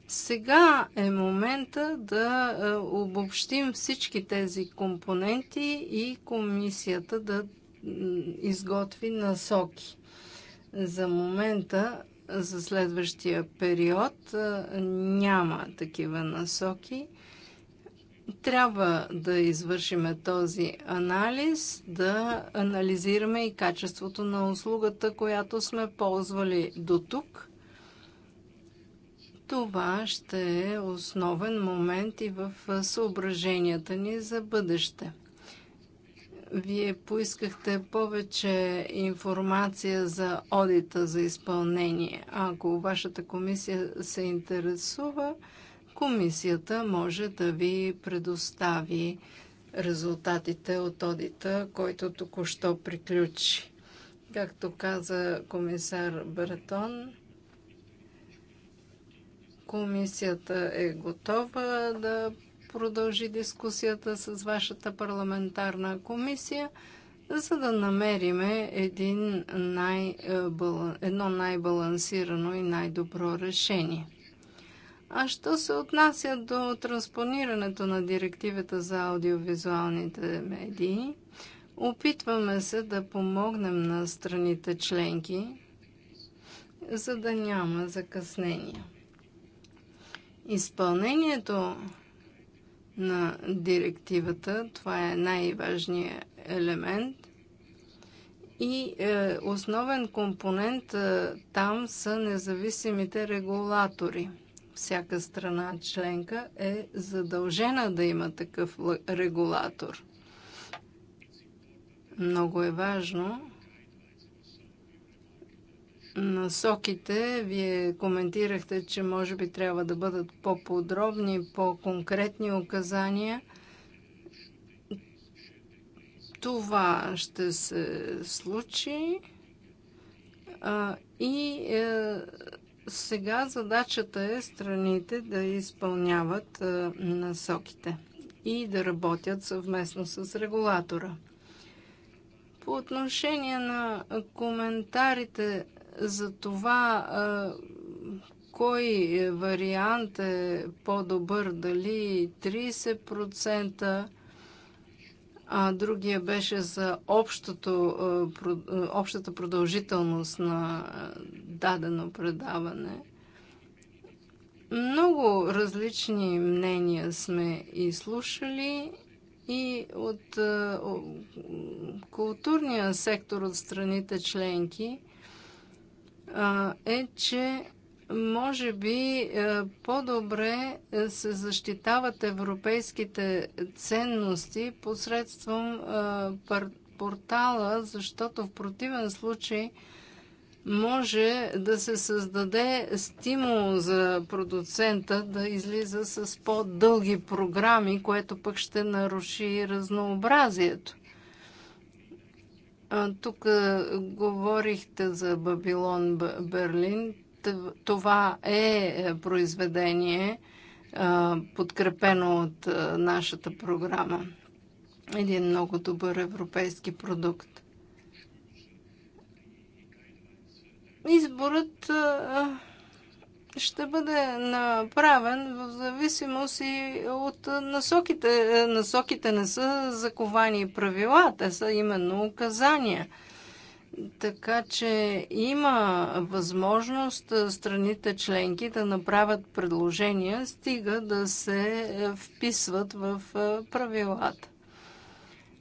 Сега е момента да е, обобщим всички тези компоненти и комисията да изготви насоки. За момента за следващия период няма такива насоки. Трябва да извършиме този анализ, да анализираме и качеството на услугата, която сме ползвали до тук. Това ще е основен момент и в съображенията ни за бъдеще. Вие поискахте повече информация за одита за изпълнение. Ако вашата комисия се интересува, комисията може да ви предостави резултатите от одита, който току-що приключи. Както каза комисар Бретон, комисията е готова да продължи дискусията с вашата парламентарна комисия, за да намериме един най е, едно най-балансирано и най-добро решение. А що се отнася до транспонирането на директивата за аудиовизуалните медии, опитваме се да помогнем на страните членки, за да няма закъснения. Изпълнението на директивата. Това е най-важният елемент. И е, основен компонент е, там са независимите регулатори. Всяка страна членка е задължена да има такъв регулатор. Много е важно насоките, вие коментирахте, че може би трябва да бъдат по-подробни, по-конкретни указания. Това ще се случи. И е, сега задачата е страните да изпълняват е, насоките и да работят съвместно с регулатора. По отношение на коментарите за това кой вариант е по-добър, дали 30%, а другия беше за общото, общата продължителност на дадено предаване. Много различни мнения сме изслушали и от културния сектор от страните членки – е, че може би по-добре се защитават европейските ценности посредством портала, защото в противен случай може да се създаде стимул за продуцента да излиза с по-дълги програми, което пък ще наруши разнообразието. Тук говорихте за Бабилон Берлин. Това е, е произведение, подкрепено от нашата програма. Един много добър европейски продукт. Изборът ще бъде направен в зависимост и от насоките. Насоките не са заковани правила, те са именно указания. Така че има възможност страните членки да направят предложения, стига да се вписват в правилата.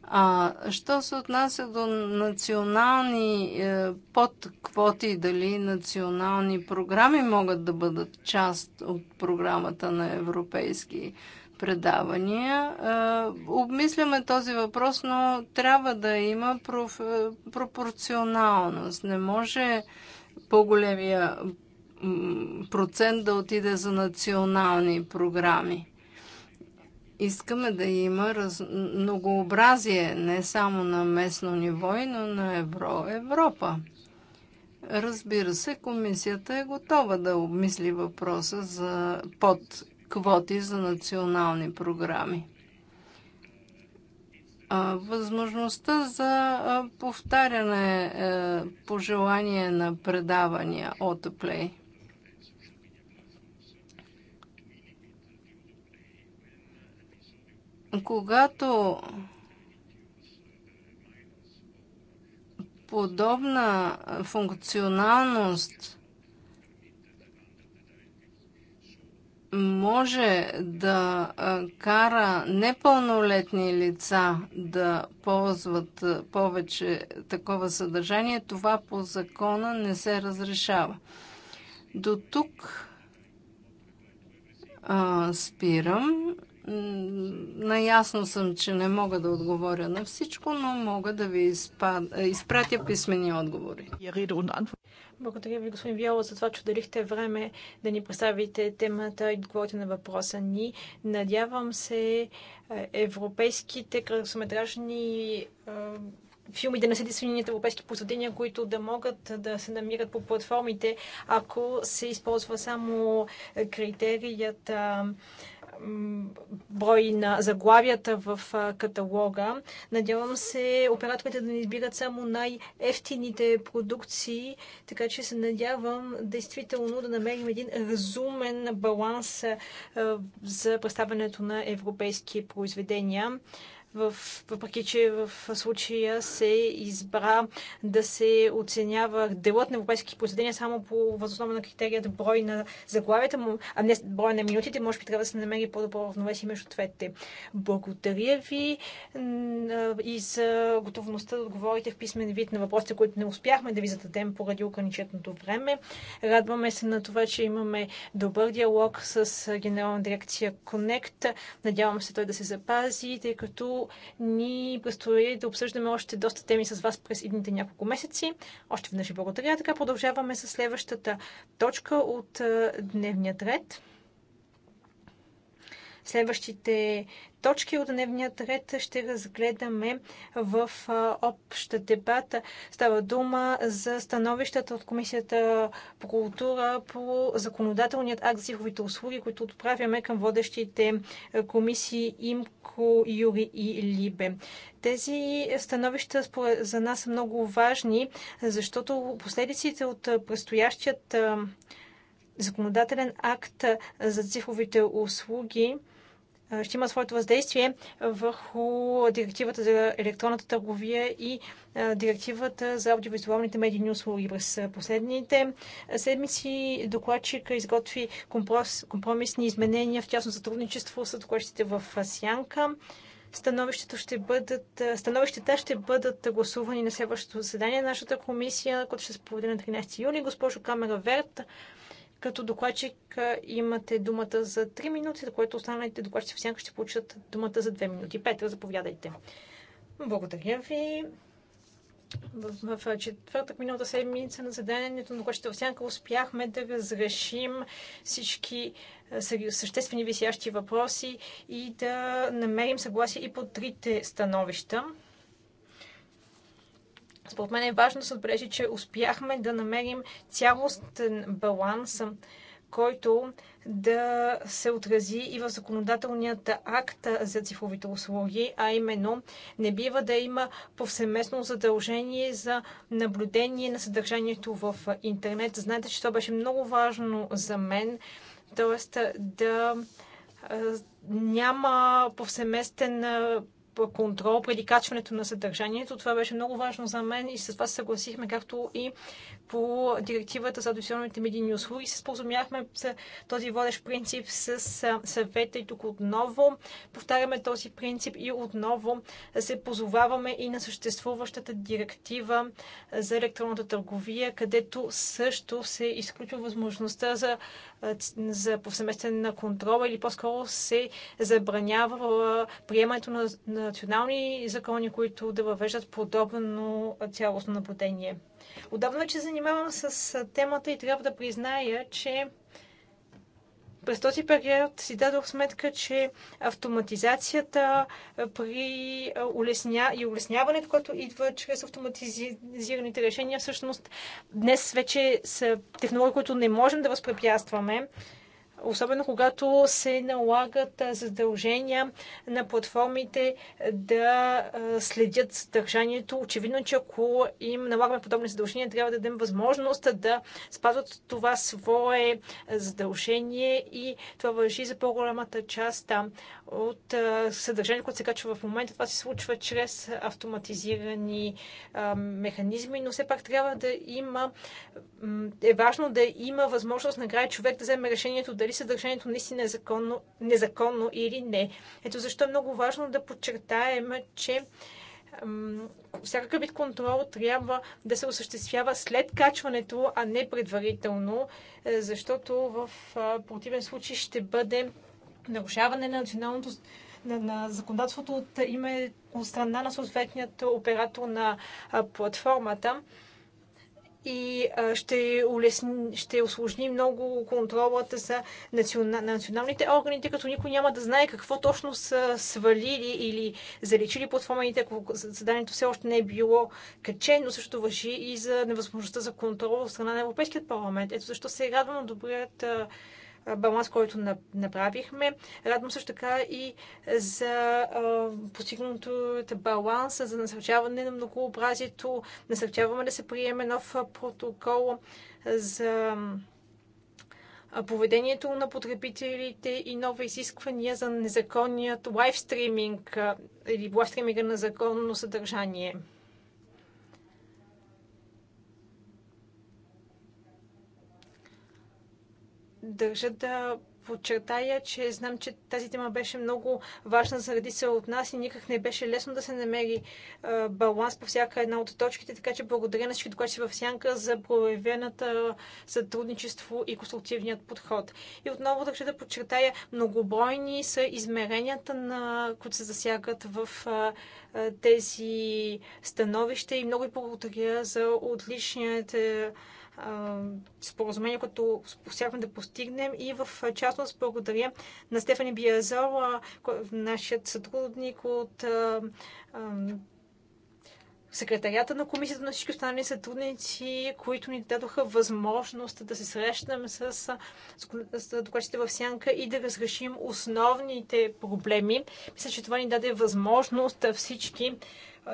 А що се отнася до национални е, подквоти, дали национални програми могат да бъдат част от програмата на европейски предавания, е, обмисляме този въпрос, но трябва да има проф, е, пропорционалност. Не може по-големия процент да отиде за национални програми искаме да има раз... многообразие не само на местно ниво, но на Евро... Европа. Разбира се, комисията е готова да обмисли въпроса за под квоти за национални програми. Възможността за повтаряне е, пожелание на предавания от Play – когато подобна функционалност може да кара непълнолетни лица да ползват повече такова съдържание, това по закона не се разрешава. До тук а, спирам. Наясно съм, че не мога да отговоря на всичко, но мога да ви е, изпратя писмени отговори. Благодаря ви, господин Виола, за това, че отделихте време да ни представите темата и отговорите на въпроса ни. Надявам се е, европейските кръсометражни е, филми да не са единствените европейски посадения, които да могат да се намират по платформите, ако се използва само критерият брой на заглавията в каталога. Надявам се операторите да не избират само най-ефтините продукции, така че се надявам действително да намерим един разумен баланс за представянето на европейски произведения в, въпреки че в случая се избра да се оценява делът на европейски произведения само по възоснова на критерията брой на заглавията а не брой на минутите. Може би трябва да се намери по-добро равновесие между двете. Благодаря ви и за готовността да отговорите в писмен вид на въпросите, които не успяхме да ви зададем поради ограниченото време. Радваме се на това, че имаме добър диалог с генерална дирекция Connect. Надявам се той да се запази, тъй като ни предстои да обсъждаме още доста теми с вас през едните няколко месеци. Още веднъж ви благодаря. Така продължаваме с следващата точка от е, дневният ред. Следващите точки от дневният ред ще разгледаме в обща дебата. Става дума за становищата от Комисията по култура по законодателният акт за цифровите услуги, които отправяме към водещите комисии ИМКО, Юри и Либе. Тези становища за нас са много важни, защото последиците от предстоящият законодателен акт за цифровите услуги – ще има своето въздействие върху директивата за електронната търговия и директивата за аудиовизуалните медийни услуги. През последните седмици докладчика изготви компромисни изменения в тясно сътрудничество с докладчиците в Сянка. Становището ще бъдат, становищата ще бъдат гласувани на следващото заседание на нашата комисия, което ще се проведе на 13 юли. Госпожо Камера Верт, като докладчик имате думата за 3 минути, за което останалите докладчици в сянка ще получат думата за 2 минути. Петра, заповядайте. Благодаря ви. В, в четвъртък миналата седмица на заданието на Кочета в Сянка успяхме да разрешим всички съществени висящи въпроси и да намерим съгласие и по трите становища. Според мен е важно да се отбележи, че успяхме да намерим цялостен баланс, който да се отрази и в законодателният акт за цифровите услуги, а именно не бива да има повсеместно задължение за наблюдение на съдържанието в интернет. Знаете, че това беше много важно за мен, т.е. да няма повсеместен контрол преди качването на съдържанието. Това беше много важно за мен и с това се съгласихме, както и по директивата за аудиционните медийни услуги. Се споразумяхме за този водещ принцип с съвета и тук отново повтаряме този принцип и отново се позоваваме и на съществуващата директива за електронната търговия, където също се изключва възможността за за повсеместен контрол или по-скоро се забранява приемането на национални закони, които да въвеждат подобно цялостно наблюдение. Отдавна че занимавам с темата и трябва да призная, че през този период си дадох сметка, че автоматизацията при улесня и улесняването, което идва чрез автоматизираните решения, всъщност днес вече са технологии, които не можем да възпрепятстваме особено когато се налагат задължения на платформите да следят съдържанието. Очевидно, че ако им налагаме подобни задължения, трябва да дадем възможност да спазват това свое задължение и това въжи за по-голямата част от съдържанието, което се качва в момента. Това се случва чрез автоматизирани механизми, но все пак трябва да има е важно да има възможност на накрая човек да вземе решението да дали съдържанието наистина е законно, незаконно или не. Ето защо е много важно да подчертаем, че всякакъв вид контрол трябва да се осъществява след качването, а не предварително, е, защото в противен случай ще бъде нарушаване на националното на, на законодателството от име от страна на съответният оператор на платформата и ще, улесни, ще осложни много контролата за национа, националните органи, тъй като никой няма да знае какво точно са свалили или заличили платформените, ако заданието все още не е било качено. Също въжи и за невъзможността за контрол от страна на Европейският парламент. Ето защо се радвам на добрият баланс, който направихме. Радвам също така и за постигнато баланс, за насърчаване на многообразието. Насърчаваме да се приеме нов протокол за поведението на потребителите и нови изисквания за незаконният лайвстриминг или лайвстриминга на законно съдържание. Държа да подчертая, че знам, че тази тема беше много важна заради се от нас и никак не беше лесно да се намери баланс по всяка една от точките, така че благодаря на всички докладчици в Сянка за проявената сътрудничество и конструктивният подход. И отново държа да подчертая, многобройни са измеренията, на които се засягат в тези становища и много ви благодаря за отличните споразумение, което успяхме да постигнем и в частност благодаря на Стефани Биазола, нашият сътрудник от секретарията на комисията, на всички останали сътрудници, които ни дадоха възможност да се срещнем с, с докладчите в сянка и да разрешим основните проблеми. Мисля, че това ни даде възможност всички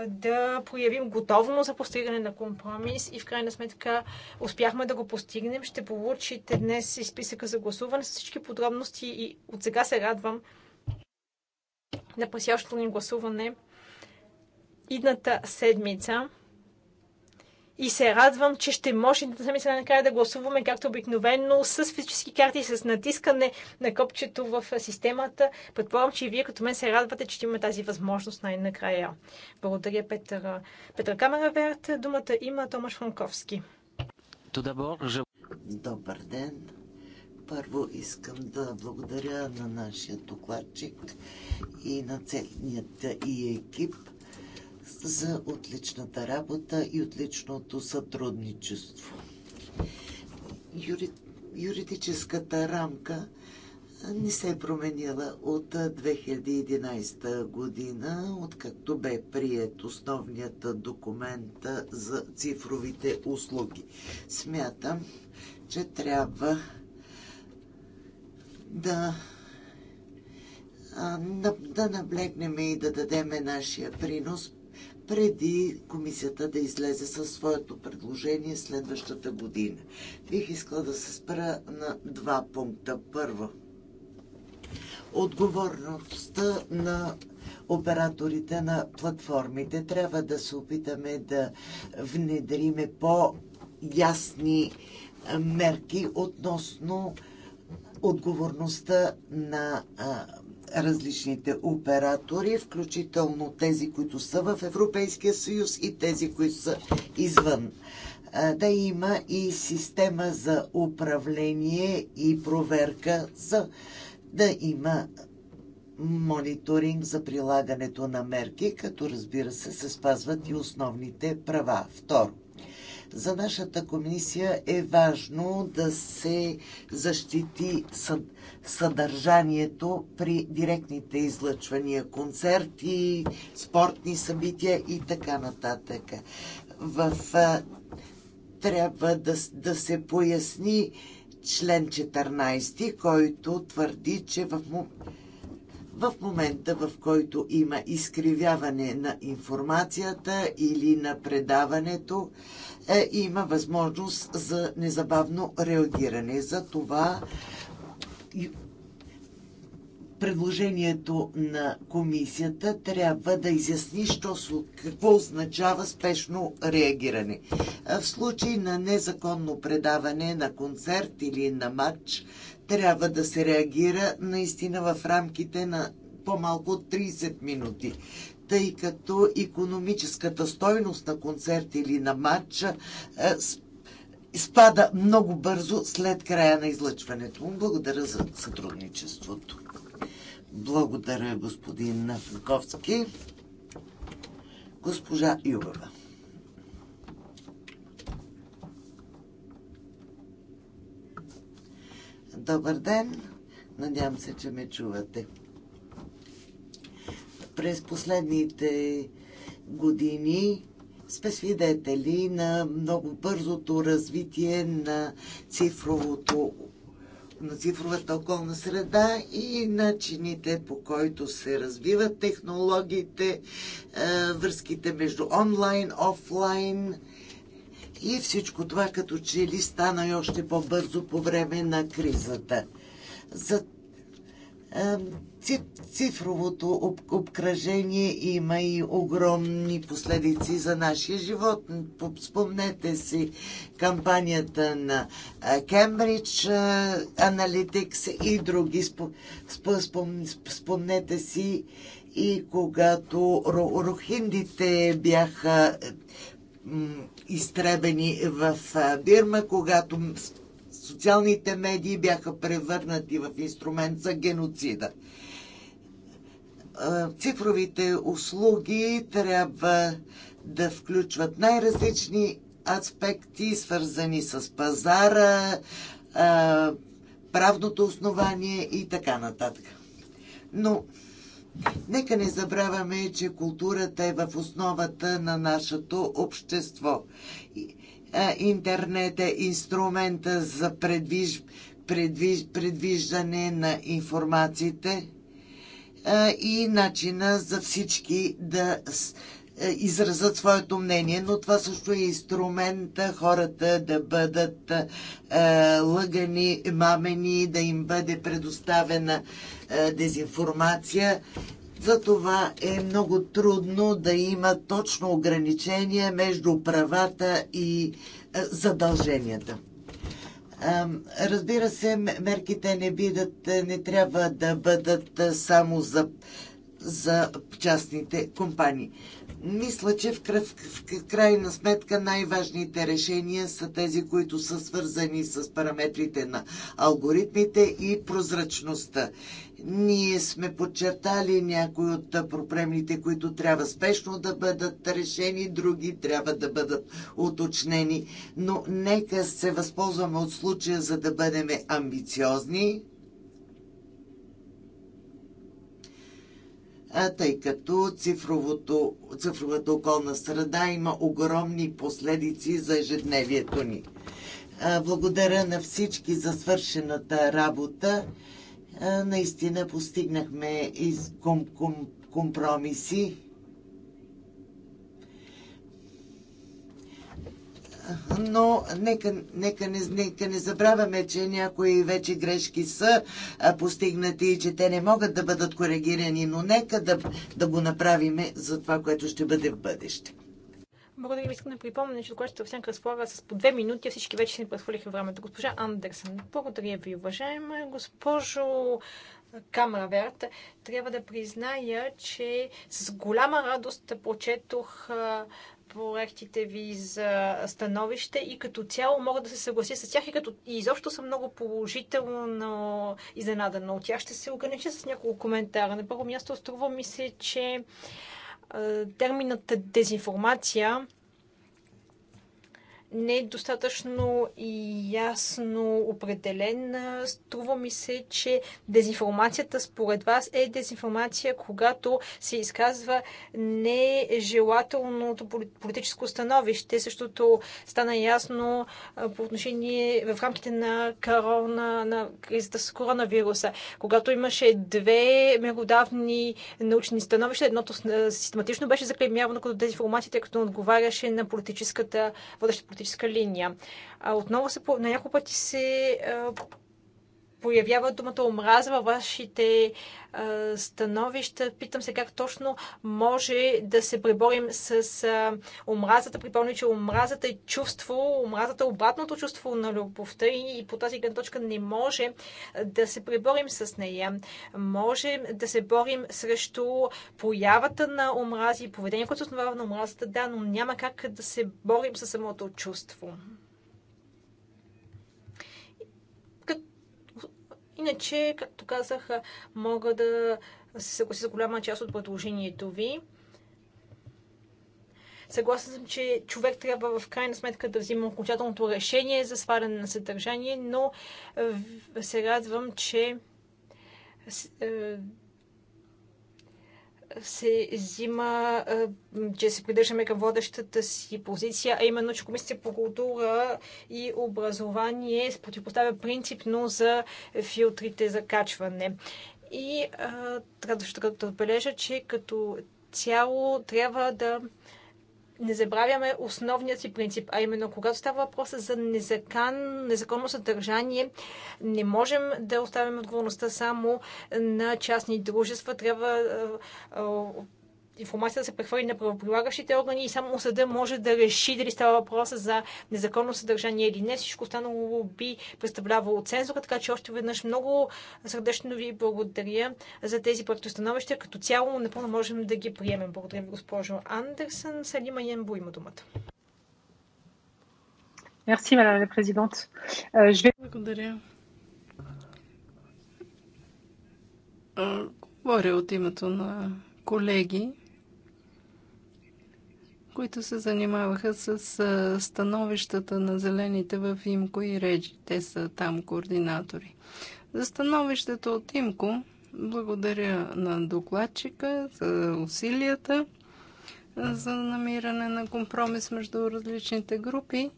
да проявим готовност за постигане на компромис и в крайна сметка успяхме да го постигнем. Ще получите днес и списъка за гласуване с всички подробности и от сега се радвам на пресящото ни гласуване идната седмица. И се радвам, че ще може да сами се накрая да гласуваме както обикновено с физически карти, с натискане на копчето в системата. Предполагам, че и вие като мен се радвате, че имаме тази възможност най-накрая. Благодаря, Петър. Петър Камераверт. Думата има Томаш Франковски. Добър ден. Първо искам да благодаря на нашия докладчик и на целият и екип за отличната работа и отличното сътрудничество. Юри... Юридическата рамка не се е променила от 2011 година, откакто бе прият основният документ за цифровите услуги. Смятам, че трябва да да наблегнем и да дадеме нашия принос преди комисията да излезе със своето предложение следващата година. Бих искала да се спра на два пункта. Първо, отговорността на операторите на платформите. Трябва да се опитаме да внедриме по-ясни мерки относно отговорността на различните оператори, включително тези, които са в Европейския съюз и тези, които са извън. Да има и система за управление и проверка, за да има мониторинг за прилагането на мерки, като разбира се се спазват и основните права. Второ, за нашата комисия е важно да се защити съд, съдържанието при директните излъчвания, концерти, спортни събития и така нататък. В, а, трябва да, да се поясни член 14, който твърди, че в Му в момента, в който има изкривяване на информацията или на предаването, е, има възможност за незабавно реагиране. За това предложението на комисията трябва да изясни що, какво означава спешно реагиране. Е, в случай на незаконно предаване на концерт или на матч, трябва да се реагира наистина в рамките на по-малко от 30 минути, тъй като економическата стойност на концерт или на матча е, спада много бързо след края на излъчването му. Благодаря за сътрудничеството. Благодаря, господин Франковски. Госпожа Юрова. Добър ден! Надявам се, че ме чувате. През последните години сме свидетели на много бързото развитие на цифровото на цифровата околна среда и начините по който се развиват технологиите, е, връзките между онлайн, офлайн и всичко това като че ли стана и още по-бързо по време на кризата. За е, цифровото обкръжение има и огромни последици за нашия живот. Спомнете си кампанията на е, Кембридж е, Аналитикс и други. Спомнете си и когато рухиндите бяха изтребени в Бирма, когато социалните медии бяха превърнати в инструмент за геноцида. Цифровите услуги трябва да включват най-различни аспекти, свързани с пазара, правното основание и така нататък. Но Нека не забравяме, че културата е в основата на нашето общество. Интернет е инструмента за предвиж, предвиж, предвиждане на информациите и начина за всички да изразят своето мнение, но това също е инструмент хората да бъдат е, лъгани, мамени, да им бъде предоставена е, дезинформация. Затова е много трудно да има точно ограничение между правата и е, задълженията. Разбира се, мерките не, бидат, е, не трябва да бъдат само за, за частните компании. Мисля, че в, кръв, в крайна сметка най-важните решения са тези, които са свързани с параметрите на алгоритмите и прозрачността. Ние сме подчертали някои от проблемите, които трябва спешно да бъдат решени, други трябва да бъдат уточнени. Но нека се възползваме от случая, за да бъдем амбициозни. А тъй като цифровото, цифровата околна среда има огромни последици за ежедневието ни. Благодаря на всички за свършената работа наистина постигнахме из ком, ком, компромиси. Но нека, нека, не, нека не забравяме, че някои вече грешки са постигнати и че те не могат да бъдат коригирани, но нека да, да го направим за това, което ще бъде в бъдеще. Мога да ви искам да припомня, че докладчета Овсянка разполага с по две минути, а всички вече си прехвърлиха времето. Госпожа Андерсен, благодаря ви, уважаема госпожо Камраверт. Трябва да призная, че с голяма радост прочетох проектите ви за становище и като цяло мога да се съглася с тях и, като... и изобщо съм много положително изненадана от тях. Ще се огранича с няколко коментара. На първо място струва ми се, че терминът дезинформация не е достатъчно и ясно определена. Струва ми се, че дезинформацията според вас е дезинформация, когато се изказва нежелателното политическо становище. Същото стана ясно по отношение в рамките на, корона, на кризата с коронавируса, когато имаше две меродавни научни становища. Едното систематично беше заклеймявано като дезинформация, тъй като отговаряше на политическата, водеща политическа политическа линия. Отново се, на няколко пъти се появява думата омраза във вашите а, становища. Питам се как точно може да се преборим с а, омразата. Припомня, че омразата е чувство, омразата е обратното чувство на любовта и, и по тази гледна точка не може да се преборим с нея. Може да се борим срещу появата на омрази, поведение, което се основава на омразата, да, но няма как да се борим с самото чувство. Иначе, както казах, мога да се съглася за голяма част от предложението ви. Съгласен съм, че човек трябва в крайна сметка да взима окончателното решение за сваляне на съдържание, но се радвам, че е, се взима, че се придържаме към водещата си позиция, а именно, че Комисията по култура и образование се противопоставя принципно за филтрите за качване. И трябва да отбележа, че като цяло трябва да не забравяме основният си принцип, а именно когато става въпроса за незакан, незаконно съдържание, не можем да оставим отговорността само на частни дружества. Трябва информацията се прехвърли на правоприлагащите органи и само съда може да реши дали става въпроса за незаконно съдържание или не. Всичко останало би представлявало цензура, така че още веднъж много сърдечно ви благодаря за тези проектостановища. Като цяло напълно можем да ги приемем. Благодаря ви, госпожо Андерсън. Салима Янбо има думата. Мерси, Madame президент. Е, благодаря. Е, говоря от името на колеги които се занимаваха с становищата на зелените в Имко и Реджи. Те са там координатори. За становището от Имко благодаря на докладчика за усилията за намиране на компромис между различните групи.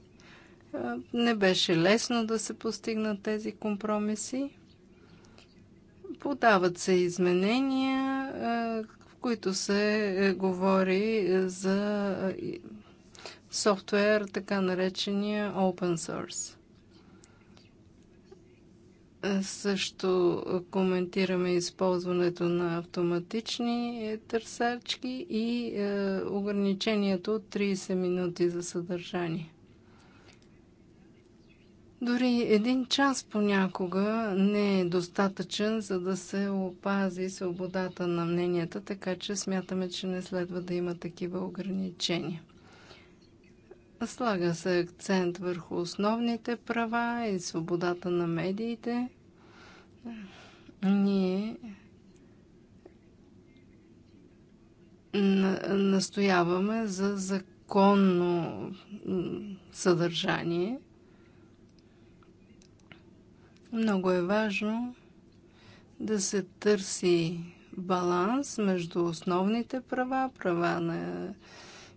Не беше лесно да се постигнат тези компромиси. Подават се изменения, които се е, говори е, за е, софтуер, така наречения open source. Също коментираме използването на автоматични търсачки и ограничението от 30 минути за съдържание. Дори един час понякога не е достатъчен, за да се опази свободата на мненията, така че смятаме, че не следва да има такива ограничения. Слага се акцент върху основните права и свободата на медиите. Ние настояваме за законно съдържание – много е важно да се търси баланс между основните права, права на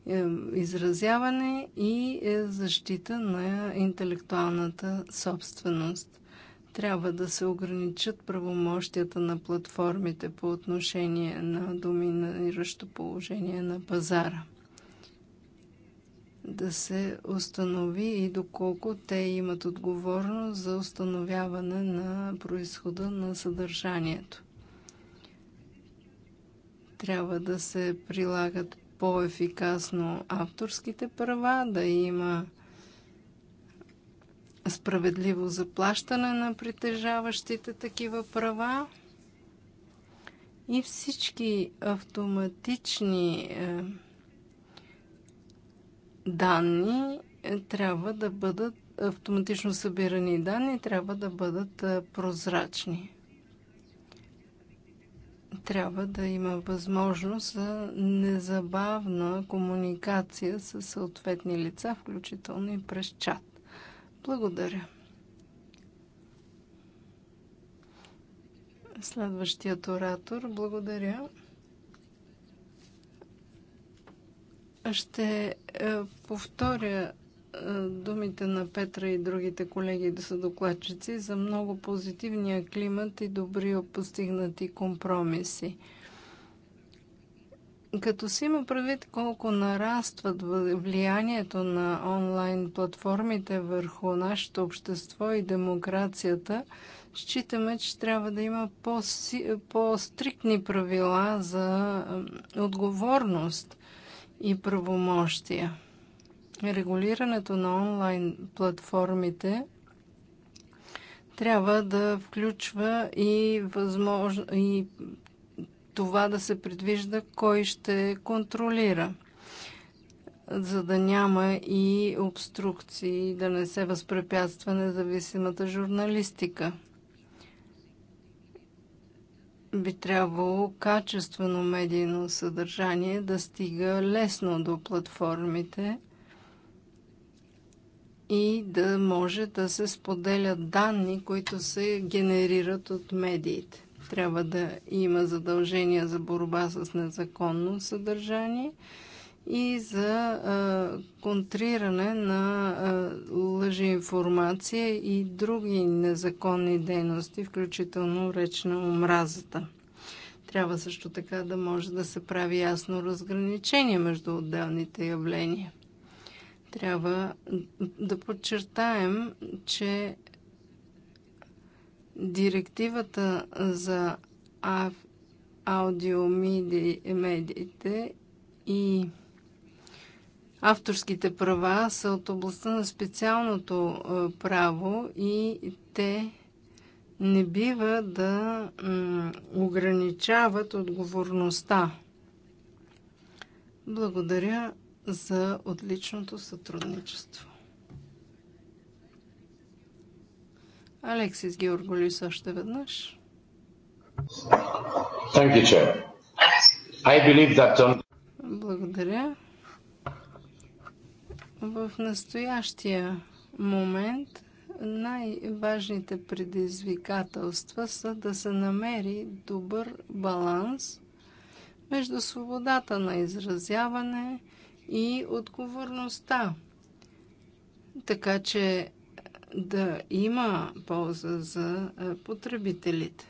е, изразяване и е, защита на интелектуалната собственост. Трябва да се ограничат правомощията на платформите по отношение на доминиращо положение на пазара да се установи и доколко те имат отговорност за установяване на происхода на съдържанието. Трябва да се прилагат по-ефикасно авторските права, да има справедливо заплащане на притежаващите такива права и всички автоматични е, данни е, трябва да бъдат автоматично събирани данни трябва да бъдат е, прозрачни. Трябва да има възможност за незабавна комуникация с съответни лица, включително и през чат. Благодаря. Следващият оратор. Благодаря. Ще е, повторя е, думите на Петра и другите колеги да са докладчици за много позитивния климат и добри постигнати компромиси. Като си има правит колко нарастват влиянието на онлайн платформите върху нашето общество и демокрацията, считаме, че трябва да има по-стриктни правила за отговорност и правомощия. Регулирането на онлайн платформите трябва да включва и, възможно, и това да се предвижда кой ще контролира, за да няма и обструкции, да не се възпрепятства независимата журналистика – би трябвало качествено медийно съдържание да стига лесно до платформите и да може да се споделят данни, които се генерират от медиите. Трябва да има задължения за борба с незаконно съдържание – и за контриране на а, лъжи информация и други незаконни дейности, включително реч на омразата. Трябва също така да може да се прави ясно разграничение между отделните явления. Трябва да подчертаем, че директивата за аудиомедиите и авторските права са от областта на специалното право и те не бива да ограничават отговорността. Благодаря за отличното сътрудничество. Алексис Георголис още веднъж. Thank you, Chair. I believe that on... Благодаря. В настоящия момент най-важните предизвикателства са да се намери добър баланс между свободата на изразяване и отговорността, така че да има полза за е, потребителите.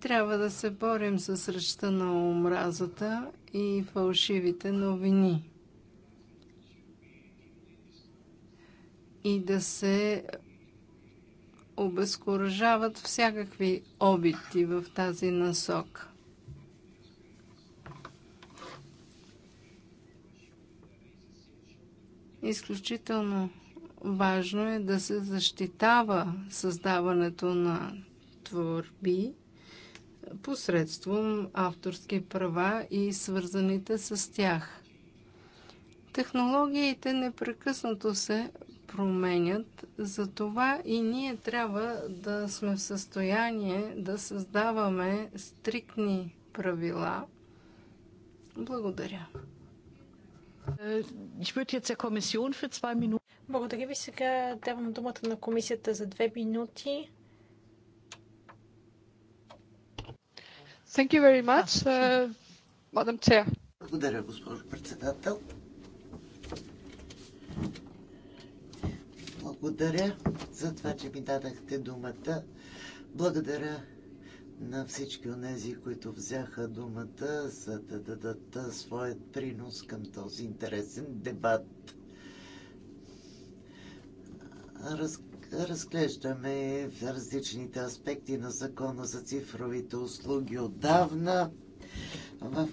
Трябва да се борим с речта на омразата и фалшивите новини. И да се обезкуражават всякакви обити в тази насок. Изключително важно е да се защитава създаването на творби, посредством авторски права и свързаните с тях. Технологиите непрекъснато се променят, затова и ние трябва да сме в състояние да създаваме стриктни правила. Благодаря. Е, Благодаря ви. Сега давам думата на комисията за две минути. Thank you very much, uh, Madam Chair. Благодаря, госпожо председател. Благодаря за това, че ми дадахте думата. Благодаря на всички от тези, които взяха думата, за да дадат своят принос към този интересен дебат. Раз разглеждаме различните аспекти на закона за цифровите услуги отдавна. В,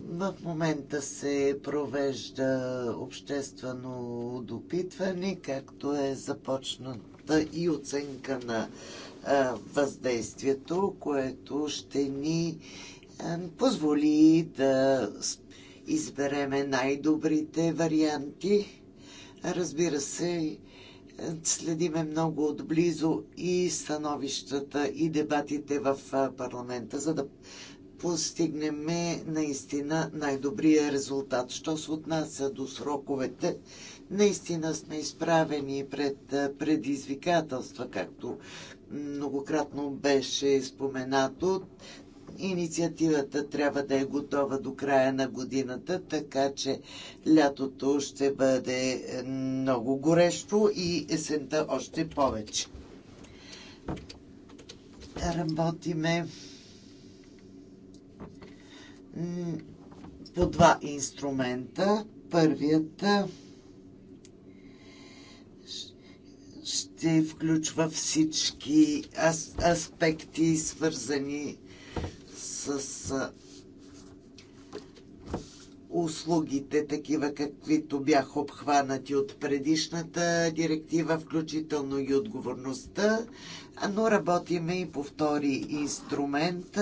в момента се провежда обществено допитване, както е започната и оценка на а, въздействието, което ще ни а, позволи да избереме най-добрите варианти. Разбира се, следиме много отблизо и становищата и дебатите в парламента, за да постигнем наистина най-добрия резултат. Що се отнася до сроковете, наистина сме изправени пред предизвикателства, както многократно беше споменато. Инициативата трябва да е готова до края на годината, така че лятото ще бъде е, много горещо и есента още повече. Работиме по два инструмента. Първият е, ще включва всички аспекти, свързани с услугите, такива каквито бяха обхванати от предишната директива, включително и отговорността, но работиме и по втори инструмент,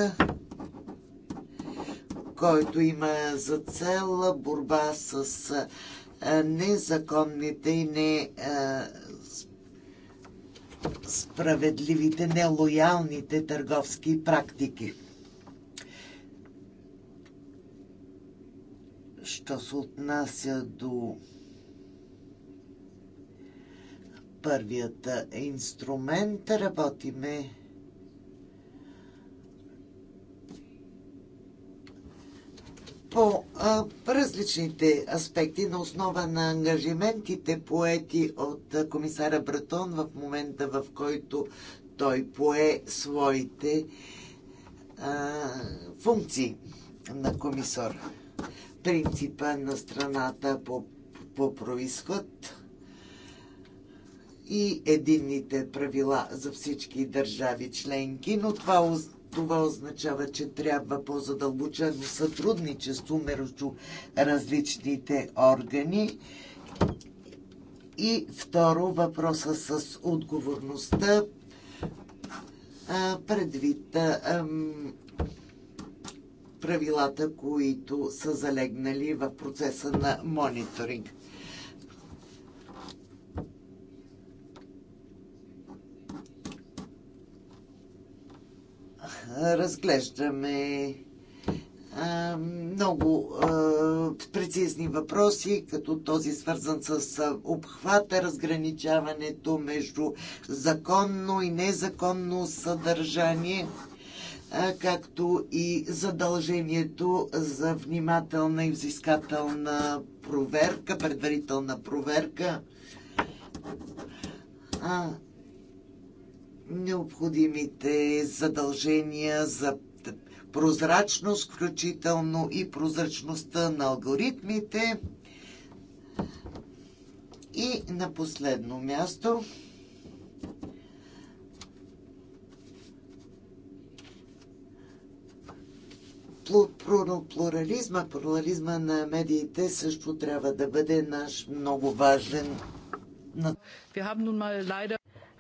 който има за цел борба с незаконните и не справедливите, нелоялните търговски практики. що се отнася до първият е, инструмент, работиме по а, различните аспекти на основа на ангажиментите поети от а, комисара Братон в момента, в който той пое своите а, функции на комисар принципа на страната по, по происход и единните правила за всички държави членки, но това, това означава, че трябва по-задълбочено сътрудничество между различните органи. И второ, въпроса с отговорността предвид правилата, които са залегнали в процеса на мониторинг. разглеждаме много а, прецизни въпроси, като този свързан с обхвата, разграничаването между законно и незаконно съдържание както и задължението за внимателна и взискателна проверка, предварителна проверка. А, необходимите задължения за прозрачност, включително и прозрачността на алгоритмите. И на последно място – плурализма, плурализма на медиите също трябва да бъде наш много важен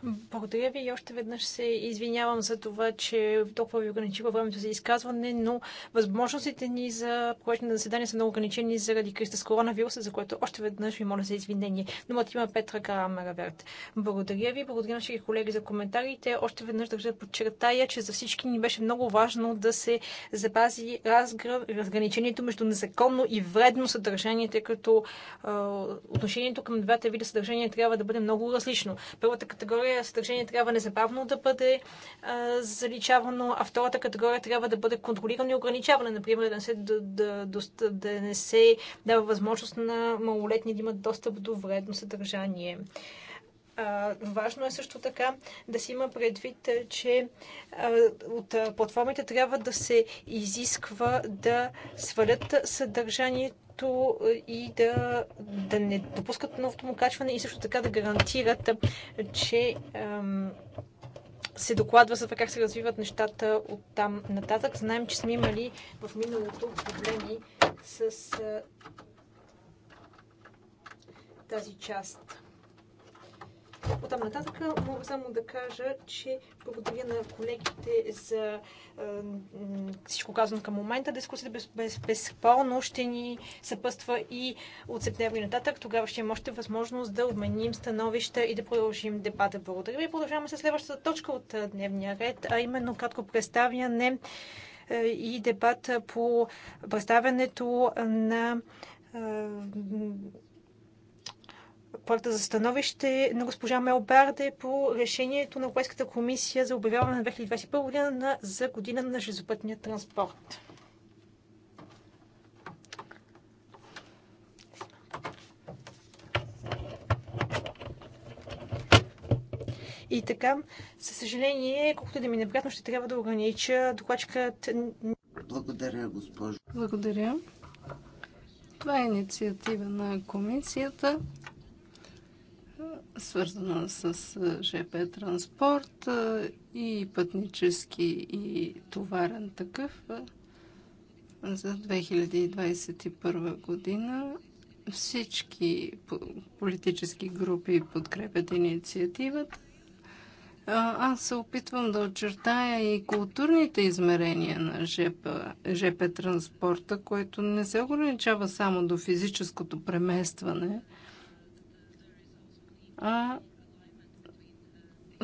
благодаря ви и още веднъж се извинявам за това, че толкова ви ограничива времето за изказване, но възможностите ни за на заседание са много ограничени заради криста с коронавируса, за което още веднъж ви моля за извинение. Думата има Петра Карамераверт. Благодаря ви, благодаря на всички колеги за коментарите. Още веднъж държа да подчертая, че за всички ни беше много важно да се запази разгр... разграничението между незаконно и вредно съдържание, тъй като е, отношението към двата вида съдържания трябва да бъде много различно. Първата категория категория съдържание трябва незабавно да бъде а, заличавано, а втората категория трябва да бъде контролирано и ограничаване. Например, да не се, да, да, да, да не се дава възможност на малолетни да имат достъп до вредно съдържание. Важно е също така да си има предвид, че от платформите трябва да се изисква да свалят съдържанието и да, да не допускат новото му качване и също така да гарантират, че ем, се докладва за това как се развиват нещата от там нататък. Знаем, че сме имали в миналото проблеми с е, тази част. От там нататък мога само да кажа, че благодаря на колегите за всичко казано към момента. Дискусията без, без, безспорно ще ни съпътства и от септември нататък. Тогава ще има още възможност да обменим становища и да продължим дебата. Благодаря ви. Продължаваме с следващата точка от дневния ред, а именно кратко представяне и дебат по представянето на проекта за становище на госпожа Мел Барде по решението на Европейската комисия за обявяване на 2021 година на, за година на железопътния транспорт. И така, със съжаление, колкото да ми е неприятно, ще трябва да огранича докладчикът. Благодаря, госпожо. Благодаря. Това е инициатива на комисията свързана с ЖП транспорт и пътнически и товарен такъв за 2021 година. Всички политически групи подкрепят инициативата. Аз се опитвам да очертая и културните измерения на ЖП, ЖП транспорта, което не се ограничава само до физическото преместване – а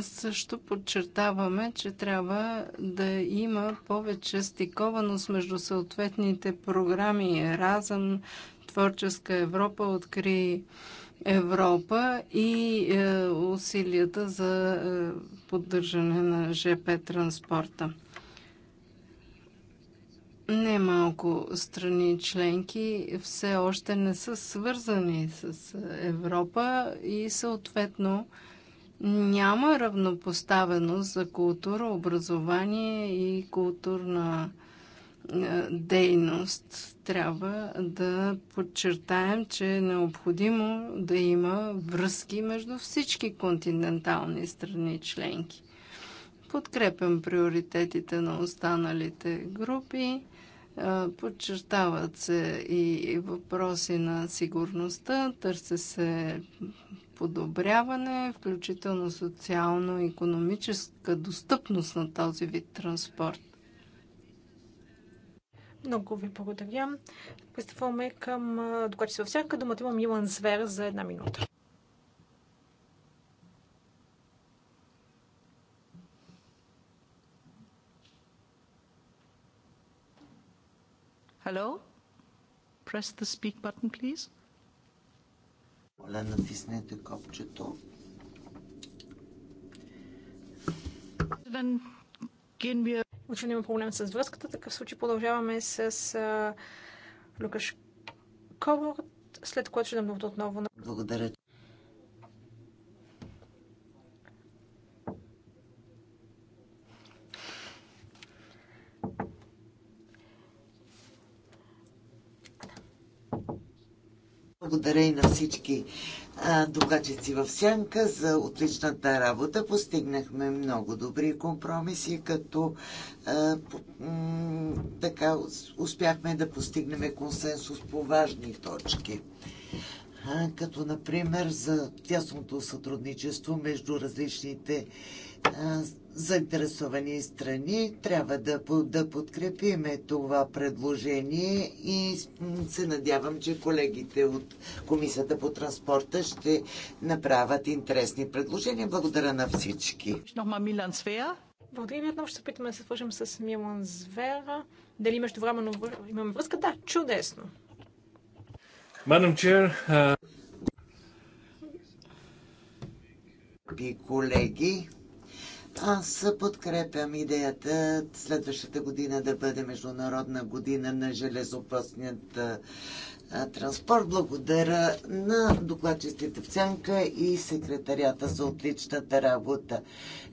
също подчертаваме, че трябва да има повече стикованост между съответните програми Еразъм, Творческа Европа, Откри Европа и е, усилията за е, поддържане на ЖП транспорта. Немалко страни членки все още не са свързани с Европа и съответно няма равнопоставеност за култура, образование и културна е, дейност. Трябва да подчертаем, че е необходимо да има връзки между всички континентални страни членки. Подкрепям приоритетите на останалите групи Подчертават се и въпроси на сигурността, търси се подобряване, включително социално-економическа достъпност на този вид транспорт. Много ви благодаря. Пристъпваме към във Всяка думата имам Милан Звер за една минута. Hello? Press the speak button, please. Моля, натиснете копчето. Очевидно има проблем с връзката. Такъв случай продължаваме с а, Лукаш Ковор, след което ще дам отново. на... Благодаря, благодаря и на всички докачици в сянка за отличната работа. Постигнахме много добри компромиси, като а, така успяхме да постигнем консенсус по важни точки. А, като, например, за тясното сътрудничество между различните заинтересовани страни. Трябва да, да подкрепиме това предложение и се надявам, че колегите от Комисията по транспорта ще направят интересни предложения. Благодаря на всички. Благодаря ви отново. Ще се опитаме да се свържим с Милан Звера. Дали време имаме връзка? Да, чудесно. Мадам Чер, uh... колеги, аз подкрепям идеята следващата година да бъде Международна година на железопътният транспорт. Благодаря на докладчиците в Цянка и секретарията за отличната работа.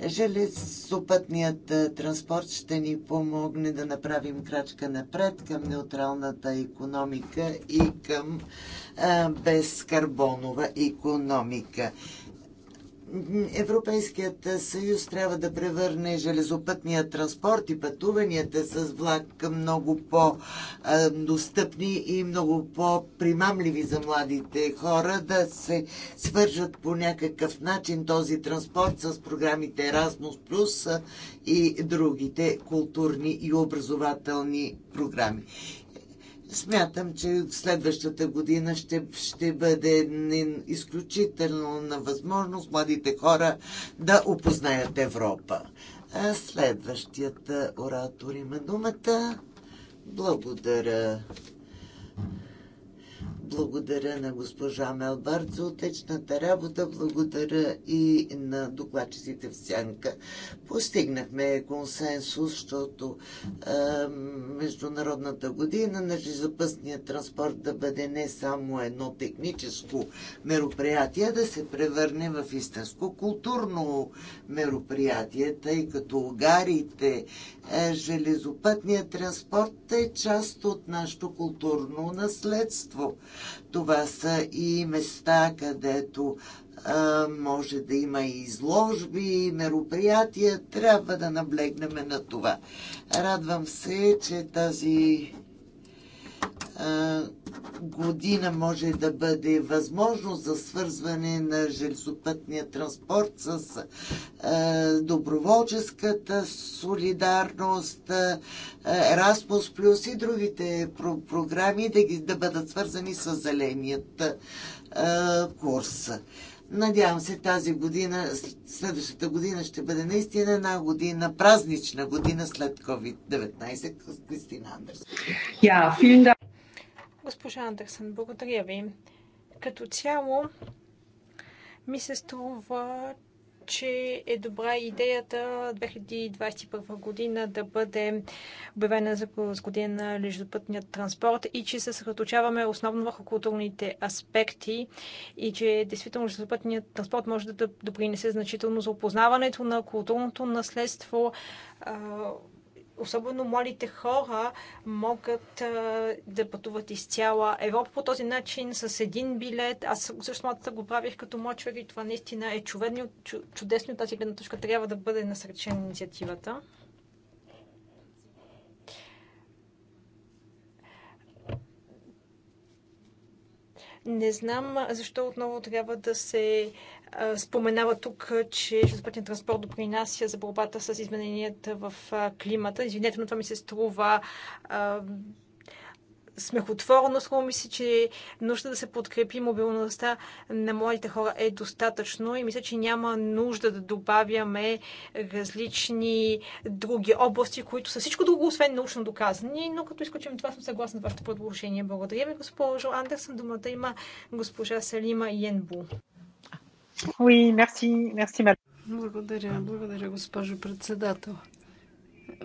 Железопътният транспорт ще ни помогне да направим крачка напред към неутралната економика и към безкарбонова економика. Европейският съюз трябва да превърне железопътния транспорт и пътуванията с влак много по-достъпни и много по-примамливи за младите хора, да се свържат по някакъв начин този транспорт с програмите Erasmus Plus и другите културни и образователни програми. Смятам, че следващата година ще, ще бъде на възможност младите хора да опознаят Европа. Следващият оратор има думата. Благодаря. Благодаря на госпожа Мелбард за отечната работа. Благодаря и на докладчиците в Сянка. Постигнахме консенсус, защото е, Международната година на железопътния транспорт да бъде не само едно техническо мероприятие, да се превърне в истинско културно мероприятие, тъй като угарите, е, железопътният транспорт е част от нашето културно наследство. Това са и места, където а, може да има и изложби, мероприятия. Трябва да наблегнем на това. Радвам се, че тази година може да бъде възможност за свързване на железопътния транспорт с доброволческата солидарност, Erasmus Plus и другите програми да, ги, да бъдат свързани с зеленият курс. Надявам се тази година, следващата година ще бъде наистина една година, празнична година след COVID-19. Кристина Андерс. yeah, Госпожа Андерсън, благодаря ви. Като цяло ми се струва, че е добра идеята 2021 година да бъде обявена за година на лежопътният транспорт и че се съсредоточаваме основно върху културните аспекти и че действително лежопътният транспорт може да допринесе значително за опознаването на културното наследство, особено младите хора могат да пътуват из цяла Европа по този начин с един билет. Аз също мата го правих като млад човек и това наистина е чудесно, чудесно тази гледна точка трябва да бъде насречена инициативата. Не знам защо отново трябва да се споменава тук, че железопътният транспорт допринася за борбата с измененията в климата. Извинете, но това ми се струва смехотворно. Струва ми се, че нужда да се подкрепи мобилността на младите хора е достатъчно и мисля, че няма нужда да добавяме различни други области, които са всичко друго, освен научно доказани, но като изключим това съм съгласна с вашето предложение. Благодаря ви, госпожо Андерсън. Думата има госпожа Салима Йенбу. Oui, merci, merci, madame. Благодаря, благодаря, госпожо председател.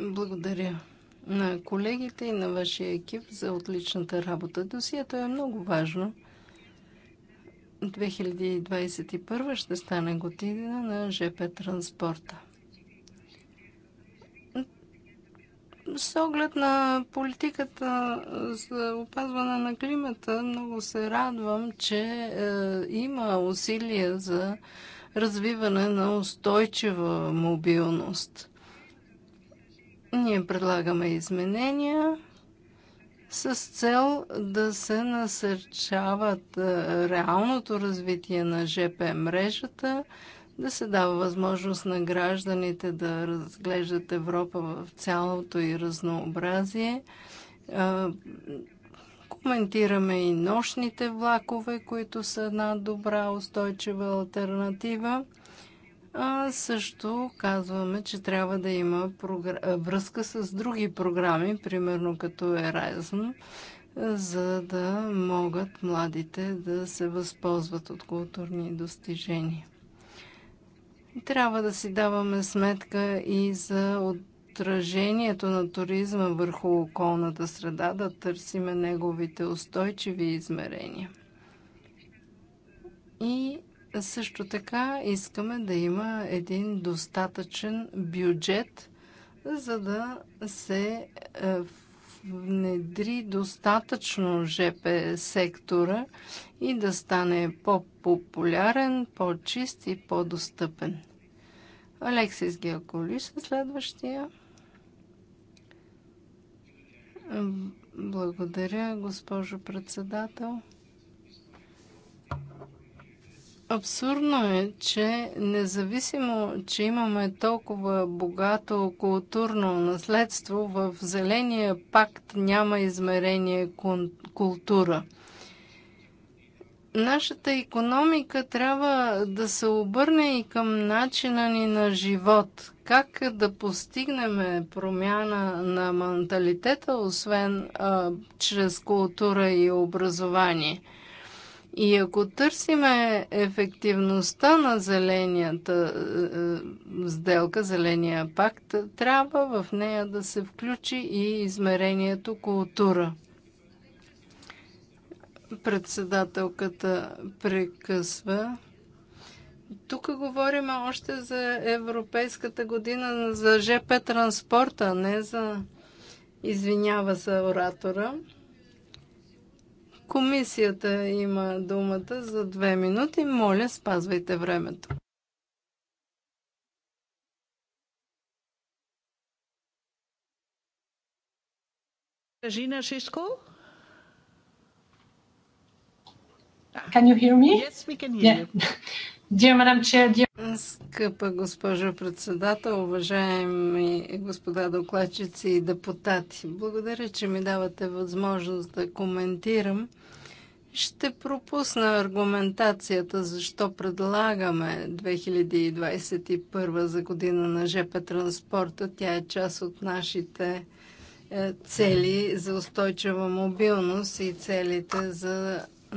Благодаря на колегите и на вашия екип за отличната работа. Досието е много важно. 2021 ще стане година на ЖП транспорта. С оглед на политиката за опазване на климата, много се радвам, че е, има усилия за развиване на устойчива мобилност. Ние предлагаме изменения с цел да се насърчават реалното развитие на ЖП мрежата – да се дава възможност на гражданите да разглеждат Европа в цялото и разнообразие. Коментираме и нощните влакове, които са една добра устойчива альтернатива. А също казваме, че трябва да има връзка с други програми, примерно като Erasmus, за да могат младите да се възползват от културни достижения. Трябва да си даваме сметка и за отражението на туризма върху околната среда, да търсиме неговите устойчиви измерения. И също така искаме да има един достатъчен бюджет, за да се е, внедри достатъчно ЖП сектора и да стане по-популярен, по-чист и по-достъпен. Алексис Геоколис е следващия. Благодаря, госпожо председател. Абсурдно е, че независимо, че имаме толкова богато културно наследство, в Зеления пакт няма измерение култура. Нашата економика трябва да се обърне и към начина ни на живот. Как да постигнем промяна на менталитета, освен а, чрез култура и образование – и ако търсиме ефективността на зеленията е, е, сделка, зеления пакт, трябва в нея да се включи и измерението култура. Председателката прекъсва. Тук говорим още за Европейската година за ЖП транспорта, не за... Извинява се оратора. Комисията има думата за две минути. Моля, спазвайте времето. Жина Шишко? Can you hear me? Yes, we can hear yeah. you. Скъпа госпожо председател, уважаеми господа докладчици и депутати, благодаря, че ми давате възможност да коментирам. Ще пропусна аргументацията защо предлагаме 2021 за година на ЖП транспорта. Тя е част от нашите е, цели за устойчива мобилност и целите за е,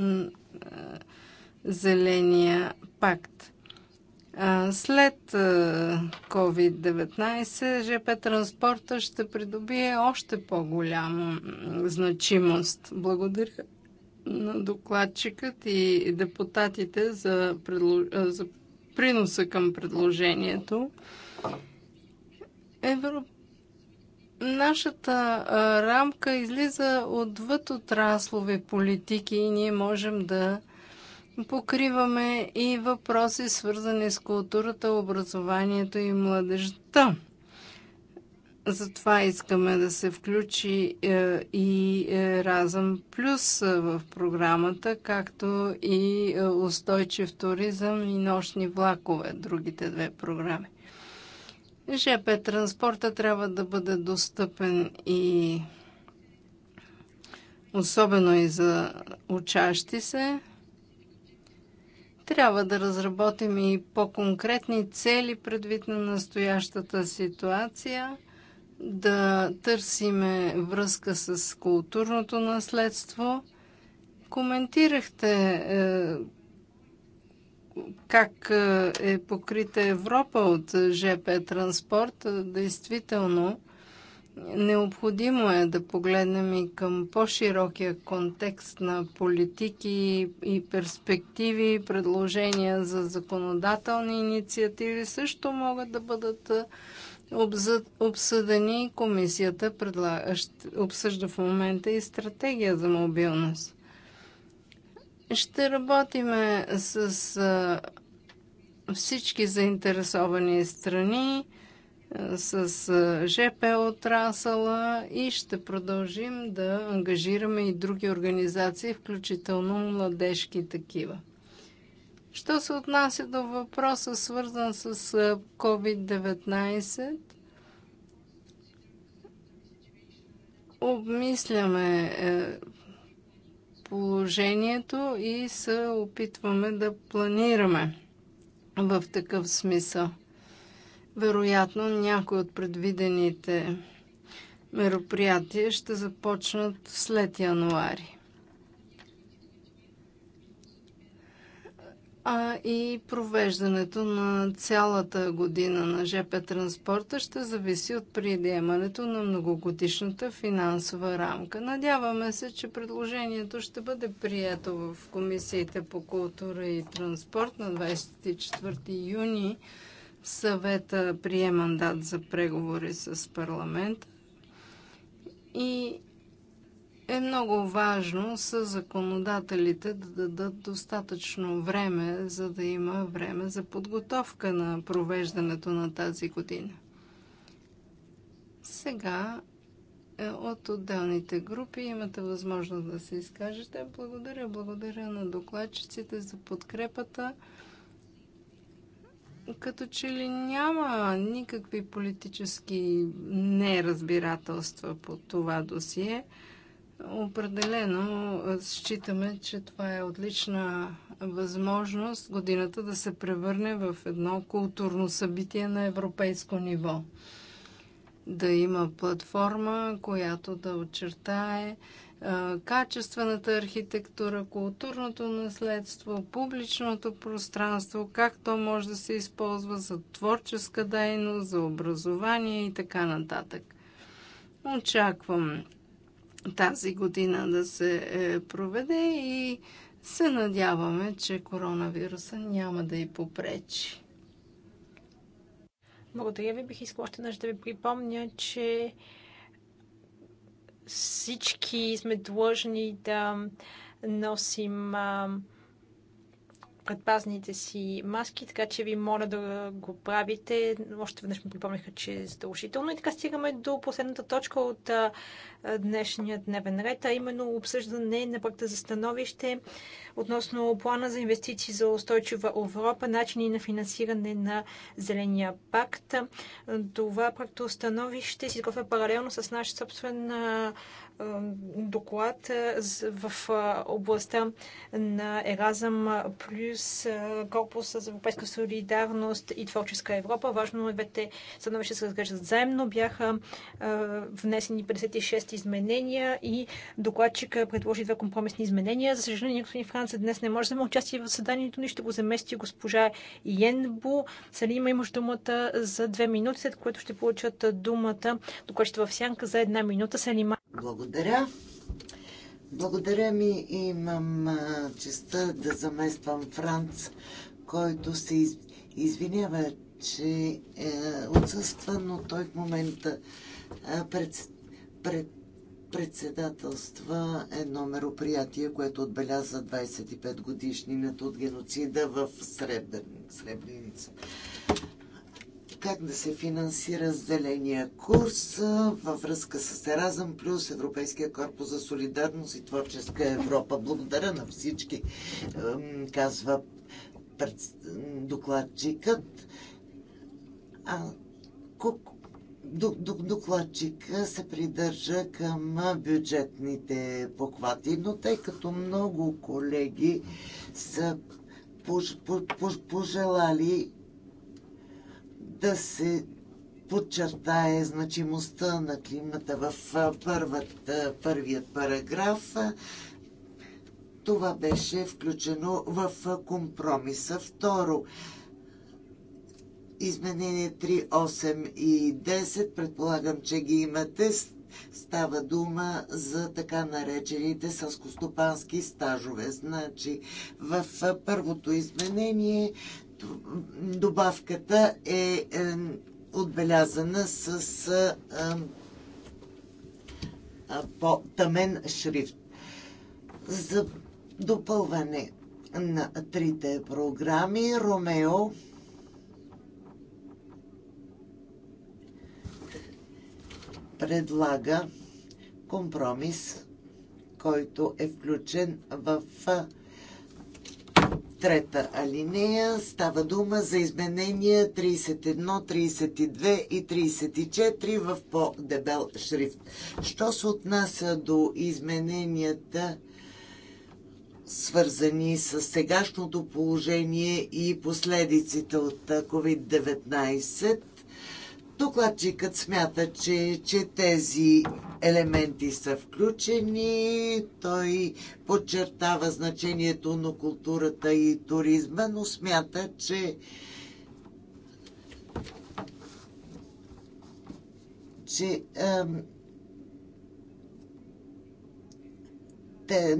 Зеления пакт. След COVID-19 ЖП транспорта ще придобие още по-голяма значимост. Благодаря на докладчикът и депутатите за, предлож... за приноса към предложението. Европа нашата рамка излиза отвъд отраслови политики и ние можем да покриваме и въпроси, свързани с културата, образованието и младежта. Затова искаме да се включи е, и е, Разъм Плюс е, в програмата, както и Устойчив туризъм и Нощни влакове, другите две програми. ЖП транспорта трябва да бъде достъпен и особено и за учащи се. Трябва да разработим и по-конкретни цели предвид на настоящата ситуация, да търсиме връзка с културното наследство. Коментирахте е, как е покрита Европа от ЖП транспорт. Действително, Необходимо е да погледнем и към по-широкия контекст на политики и перспективи, предложения за законодателни инициативи също могат да бъдат обсъдени. Комисията обсъжда в момента и стратегия за мобилност. Ще работиме с всички заинтересовани страни с ЖП отрасъла и ще продължим да ангажираме и други организации, включително младежки такива. Що се отнася до въпроса, свързан с COVID-19, обмисляме е, положението и се опитваме да планираме в такъв смисъл. Вероятно някои от предвидените мероприятия ще започнат след януари. А и провеждането на цялата година на ЖП транспорта ще зависи от приемането на многогодишната финансова рамка. Надяваме се, че предложението ще бъде прието в комисиите по култура и транспорт на 24 юни Съвета прие мандат за преговори с парламента и е много важно с законодателите да дадат достатъчно време, за да има време за подготовка на провеждането на тази година. Сега е, от отделните групи имате възможност да се изкажете. Благодаря, благодаря на докладчиците за подкрепата като че ли няма никакви политически неразбирателства по това досие. Определено считаме, че това е отлична възможност годината да се превърне в едно културно събитие на европейско ниво. Да има платформа, която да очертае качествената архитектура, културното наследство, публичното пространство, как то може да се използва за творческа дейност, за образование и така нататък. Очаквам тази година да се е, проведе и се надяваме, че коронавируса няма да й попречи. Благодаря ви. Бих искала още да ви припомня, че всички сме длъжни да носим предпазните си маски, така че ви моля да го правите. Още веднъж ми припомниха, че е задължително. И така стигаме до последната точка от а, днешния дневен ред, а именно обсъждане на проекта за становище относно плана за инвестиции за устойчива Европа, начини на финансиране на Зеления пакт. Това проекто становище се изготвя паралелно с наш собствен доклад в областта на Еразъм плюс корпуса за европейска солидарност и творческа Европа. Важно е двете становища се разглеждат заедно. Бяха внесени 56 изменения и докладчика предложи две компромисни изменения. За съжаление, господин Франция днес не може да вземе участие в съданието ни. Ще го замести госпожа Йенбу. Салима имаш думата за две минути, след което ще получат думата докладчите в сянка за една минута. Салима. Благодаря благодаря. Благодаря ми. Имам честа да замествам Франц, който се из... извинява, че е отсъства, но той в момента пред... Пред... председателства едно мероприятие, което отбеляза 25 годишнината от геноцида в Сребреница как да се финансира зеления курс във връзка с Еразъм Плюс, Европейския корпус за солидарност и творческа Европа. Благодаря на всички, казва докладчикът. А, докладчик се придържа към бюджетните похвати, но тъй като много колеги са пожелали да се подчертае значимостта на климата в първат, първият параграф. Това беше включено в компромиса. Второ, изменение 3, 8 и 10, предполагам, че ги имате, става дума за така наречените сълскостопански стажове. Значи, в първото изменение добавката е, е отбелязана с е, е, по-тъмен шрифт. За допълване на трите програми Ромео предлага компромис, който е включен в трета алинея. Става дума за изменения 31, 32 и 34 в по-дебел шрифт. Що се отнася до измененията, свързани с сегашното положение и последиците от COVID-19, Докладчикът смята, че, че тези елементи са включени. Той подчертава значението на културата и туризма, но смята, че че ам, те,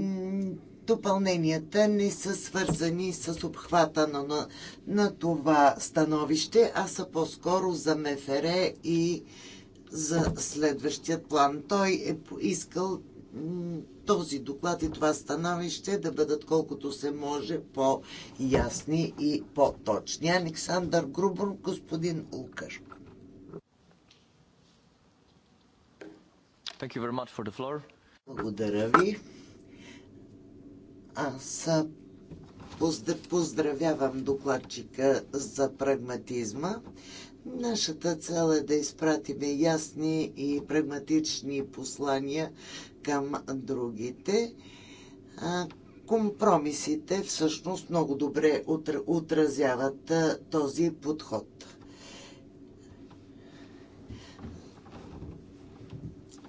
допълненията не са свързани с обхвата на, на, на това становище, а са по-скоро за МФР и за следващия план. Той е поискал този доклад и това становище да бъдат колкото се може по-ясни и по-точни. Александър Грубор, господин Лукаш. Благодаря ви. Аз поздравявам докладчика за прагматизма. Нашата цел е да изпратиме ясни и прагматични послания към другите. Компромисите всъщност много добре отразяват този подход.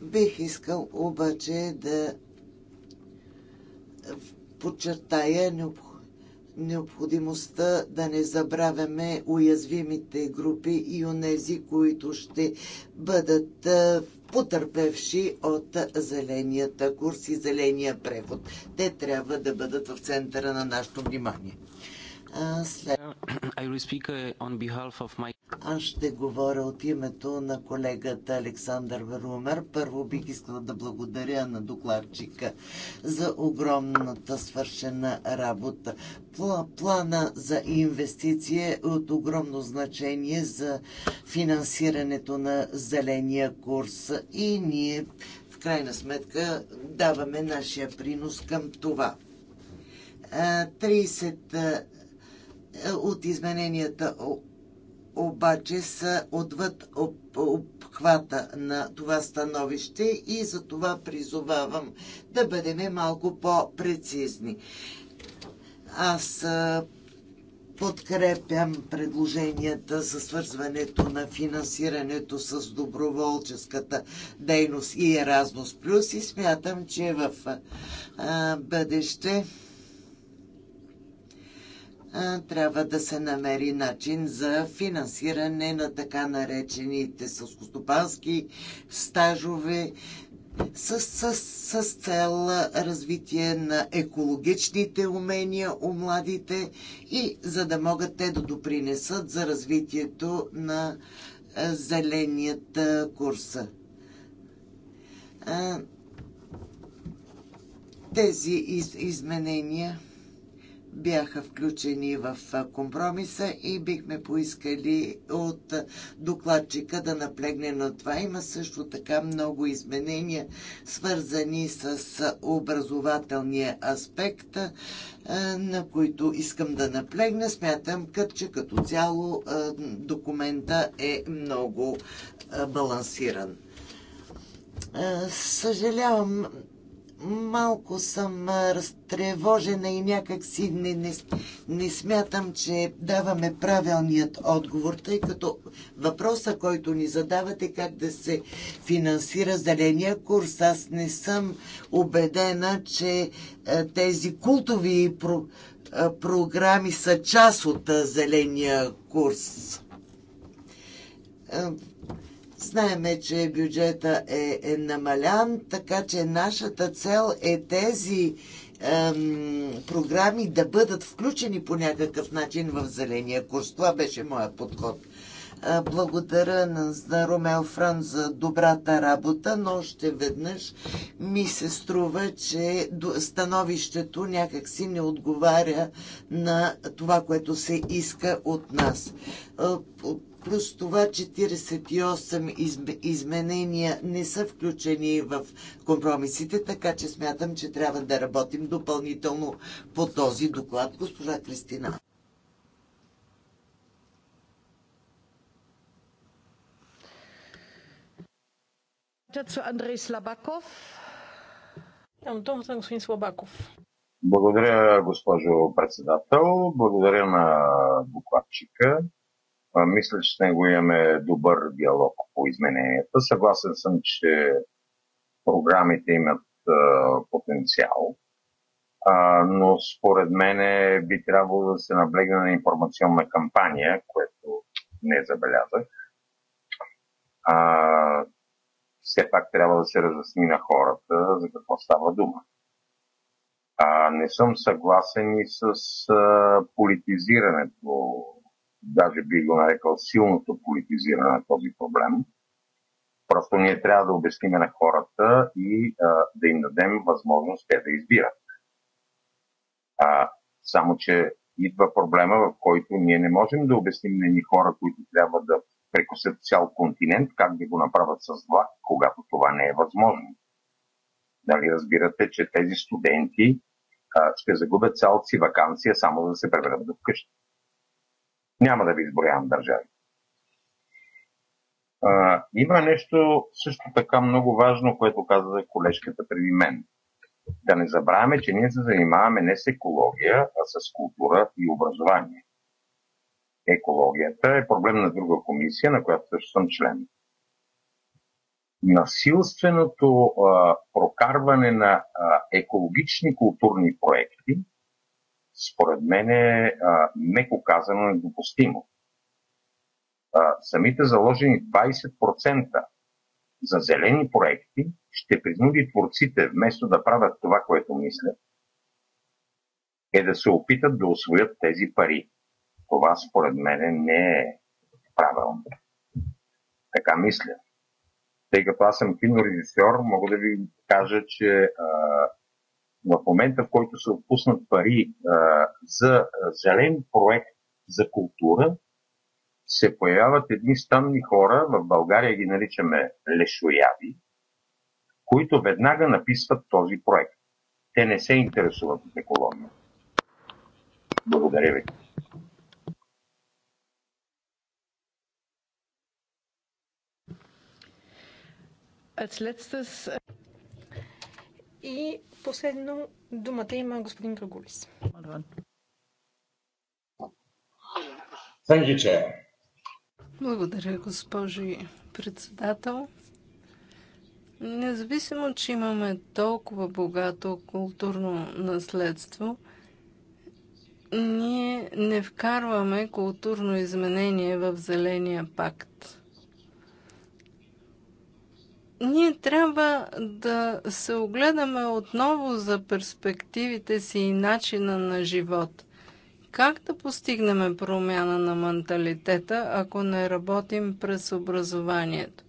Бих искал обаче да подчертая необходимостта да не забравяме уязвимите групи и онези, които ще бъдат потърпевши от зеленията курс и зеления преход. Те трябва да бъдат в центъра на нашето внимание. След... Uh, Аз ще говоря от името на колегата Александър Румер. Първо бих искала да благодаря на докладчика за огромната свършена работа. Плана за инвестиции е от огромно значение за финансирането на зеления курс и ние в крайна сметка даваме нашия принос към това. 30 от измененията обаче са отвъд обхвата на това становище и за това призовавам да бъдем малко по-прецизни. Аз подкрепям предложенията за свързването на финансирането с доброволческата дейност и Еразмус Плюс и смятам, че в бъдеще трябва да се намери начин за финансиране на така наречените сълскостопански стажове с, с, с цел развитие на екологичните умения у младите и за да могат те да допринесат за развитието на зеленият курс. Тези из, изменения бяха включени в компромиса и бихме поискали от докладчика да наплегне на това. Има също така много изменения, свързани с образователния аспект, на които искам да наплегна. Смятам, че като цяло документа е много балансиран. Съжалявам, малко съм разтревожена и някак си не, не, не смятам, че даваме правилният отговор, тъй като въпроса, който ни задавате как да се финансира зеления курс. Аз не съм убедена, че тези култови про, програми са част от зеления курс Знаеме, че бюджета е, е намалян, така че нашата цел е тези ем, програми да бъдат включени по някакъв начин в зеления курс. Това беше моят подход. Е, благодаря на Ромео Фран за добрата работа, но още веднъж ми се струва, че становището някакси не отговаря на това, което се иска от нас. Е, плюс това 48 изменения не са включени в компромисите, така че смятам, че трябва да работим допълнително по този доклад. Госпожа Кристина. Андрей Слабаков. Дам думата на господин Слабаков. Благодаря, госпожо председател. Благодаря на докладчика мисля, че с него имаме добър диалог по измененията. Съгласен съм, че програмите имат потенциал, но според мен би трябвало да се наблегне на информационна кампания, което не забелязах. А, все пак трябва да се разясни на хората за какво става дума. А, не съм съгласен и с а, политизирането даже би го нарекал силното политизиране на този проблем. Просто ние трябва да обясниме на хората и а, да им дадем възможност те да избират. А, само, че идва проблема, в който ние не можем да обясним на ни хора, които трябва да прекусят цял континент, как да го направят с влак, когато това не е възможно. Нали разбирате, че тези студенти а, ще загубят цялата си вакансия само за да се преведат до вкъщи. Няма да ви изброявам държави. А, има нещо също така много важно, което каза колежката преди мен. Да не забравяме, че ние се занимаваме не с екология, а с култура и образование. Екологията е проблем на друга комисия, на която също съм член. Насилственото а, прокарване на а, екологични културни проекти според мен е, а, меко казано, недопустимо. А, самите заложени 20% за зелени проекти ще принуди творците, вместо да правят това, което мислят, е да се опитат да освоят тези пари. Това според мен не е правилно. Така мисля. Тъй като аз съм кинорежисьор, мога да ви кажа, че а, в момента, в който се отпуснат пари а, за зелен проект за култура, се появяват едни странни хора, в България ги наричаме лешояви, които веднага написват този проект. Те не се интересуват от екология. Благодаря ви. Als letztes и последно думата има господин Грагулис. Благодаря, госпожи председател. Независимо, че имаме толкова богато културно наследство, ние не вкарваме културно изменение в Зеления пакт ние трябва да се огледаме отново за перспективите си и начина на живот. Как да постигнем промяна на менталитета, ако не работим през образованието?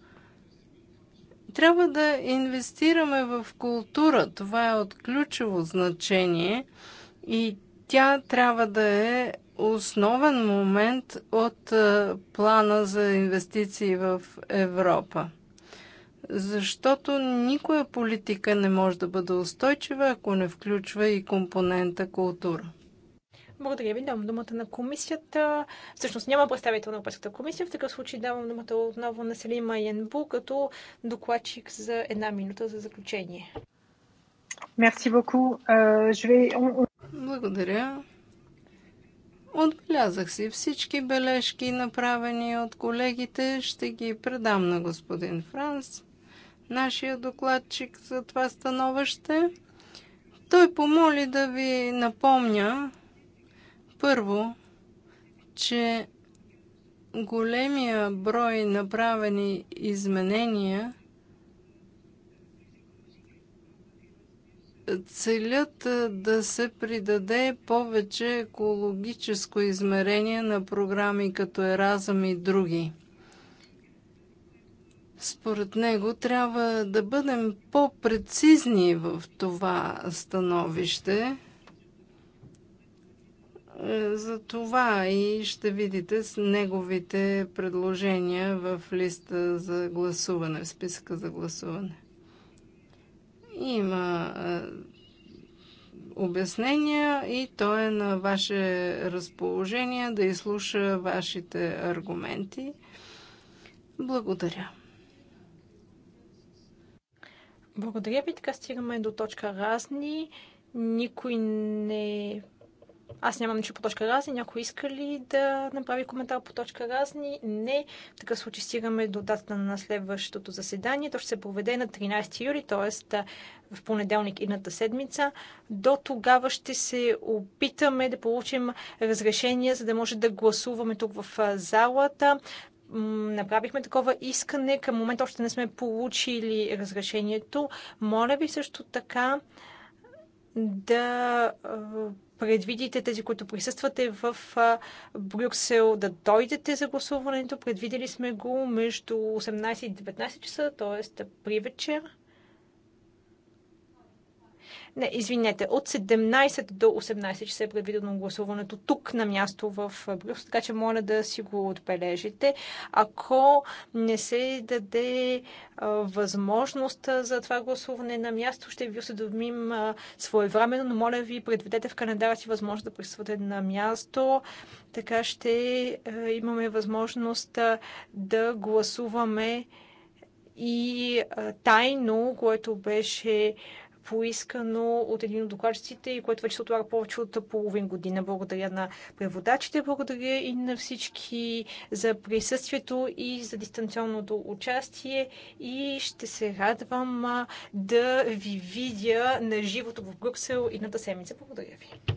Трябва да инвестираме в култура. Това е от ключово значение и тя трябва да е основен момент от плана за инвестиции в Европа защото никоя политика не може да бъде устойчива, ако не включва и компонента култура. Благодаря ви. Давам думата на комисията. Всъщност няма представител на Европейската комисия. В такъв случай давам думата отново на Селима Янбу като докладчик за една минута за заключение. Мерси боку. Euh, Благодаря. Отбелязах си всички бележки, направени от колегите. Ще ги предам на господин Франс нашия докладчик за това становище. Той помоли да ви напомня първо, че големия брой направени изменения целят е, да се придаде повече екологическо измерение на програми като Еразъм и други. Според него трябва да бъдем по-прецизни в това становище. Е, за това и ще видите с неговите предложения в листа за гласуване, в списъка за гласуване. Има е, обяснения и то е на ваше разположение да изслуша вашите аргументи. Благодаря. Благодаря ви. Така стигаме до точка разни. Никой не... Аз нямам нищо по точка разни. Някой иска ли да направи коментар по точка разни? Не. В такъв случай стигаме до датата на следващото заседание. То ще се проведе на 13 юли, т.е. в понеделник едната седмица. До тогава ще се опитаме да получим разрешение, за да може да гласуваме тук в залата направихме такова искане. Към момента още не сме получили разрешението. Моля ви също така да предвидите тези, които присъствате в Брюксел, да дойдете за гласуването. Предвидели сме го между 18 и 19 часа, т.е. при вечер. Не, извинете, от 17 до 18 часа е предвидено гласуването тук на място в Брюксел, така че моля да си го отбележите. Ако не се даде а, възможност за това гласуване на място, ще ви осведомим своевременно, но моля ви, предвидете в календара си възможност да присъствате на място. Така ще а, имаме възможност а, да гласуваме и тайно, което беше поискано от един от докладчиците и което вече се отлага повече от половин година. Благодаря на преводачите, благодаря и на всички за присъствието и за дистанционното участие и ще се радвам да ви видя на живото в Брюксел едната седмица. Благодаря ви.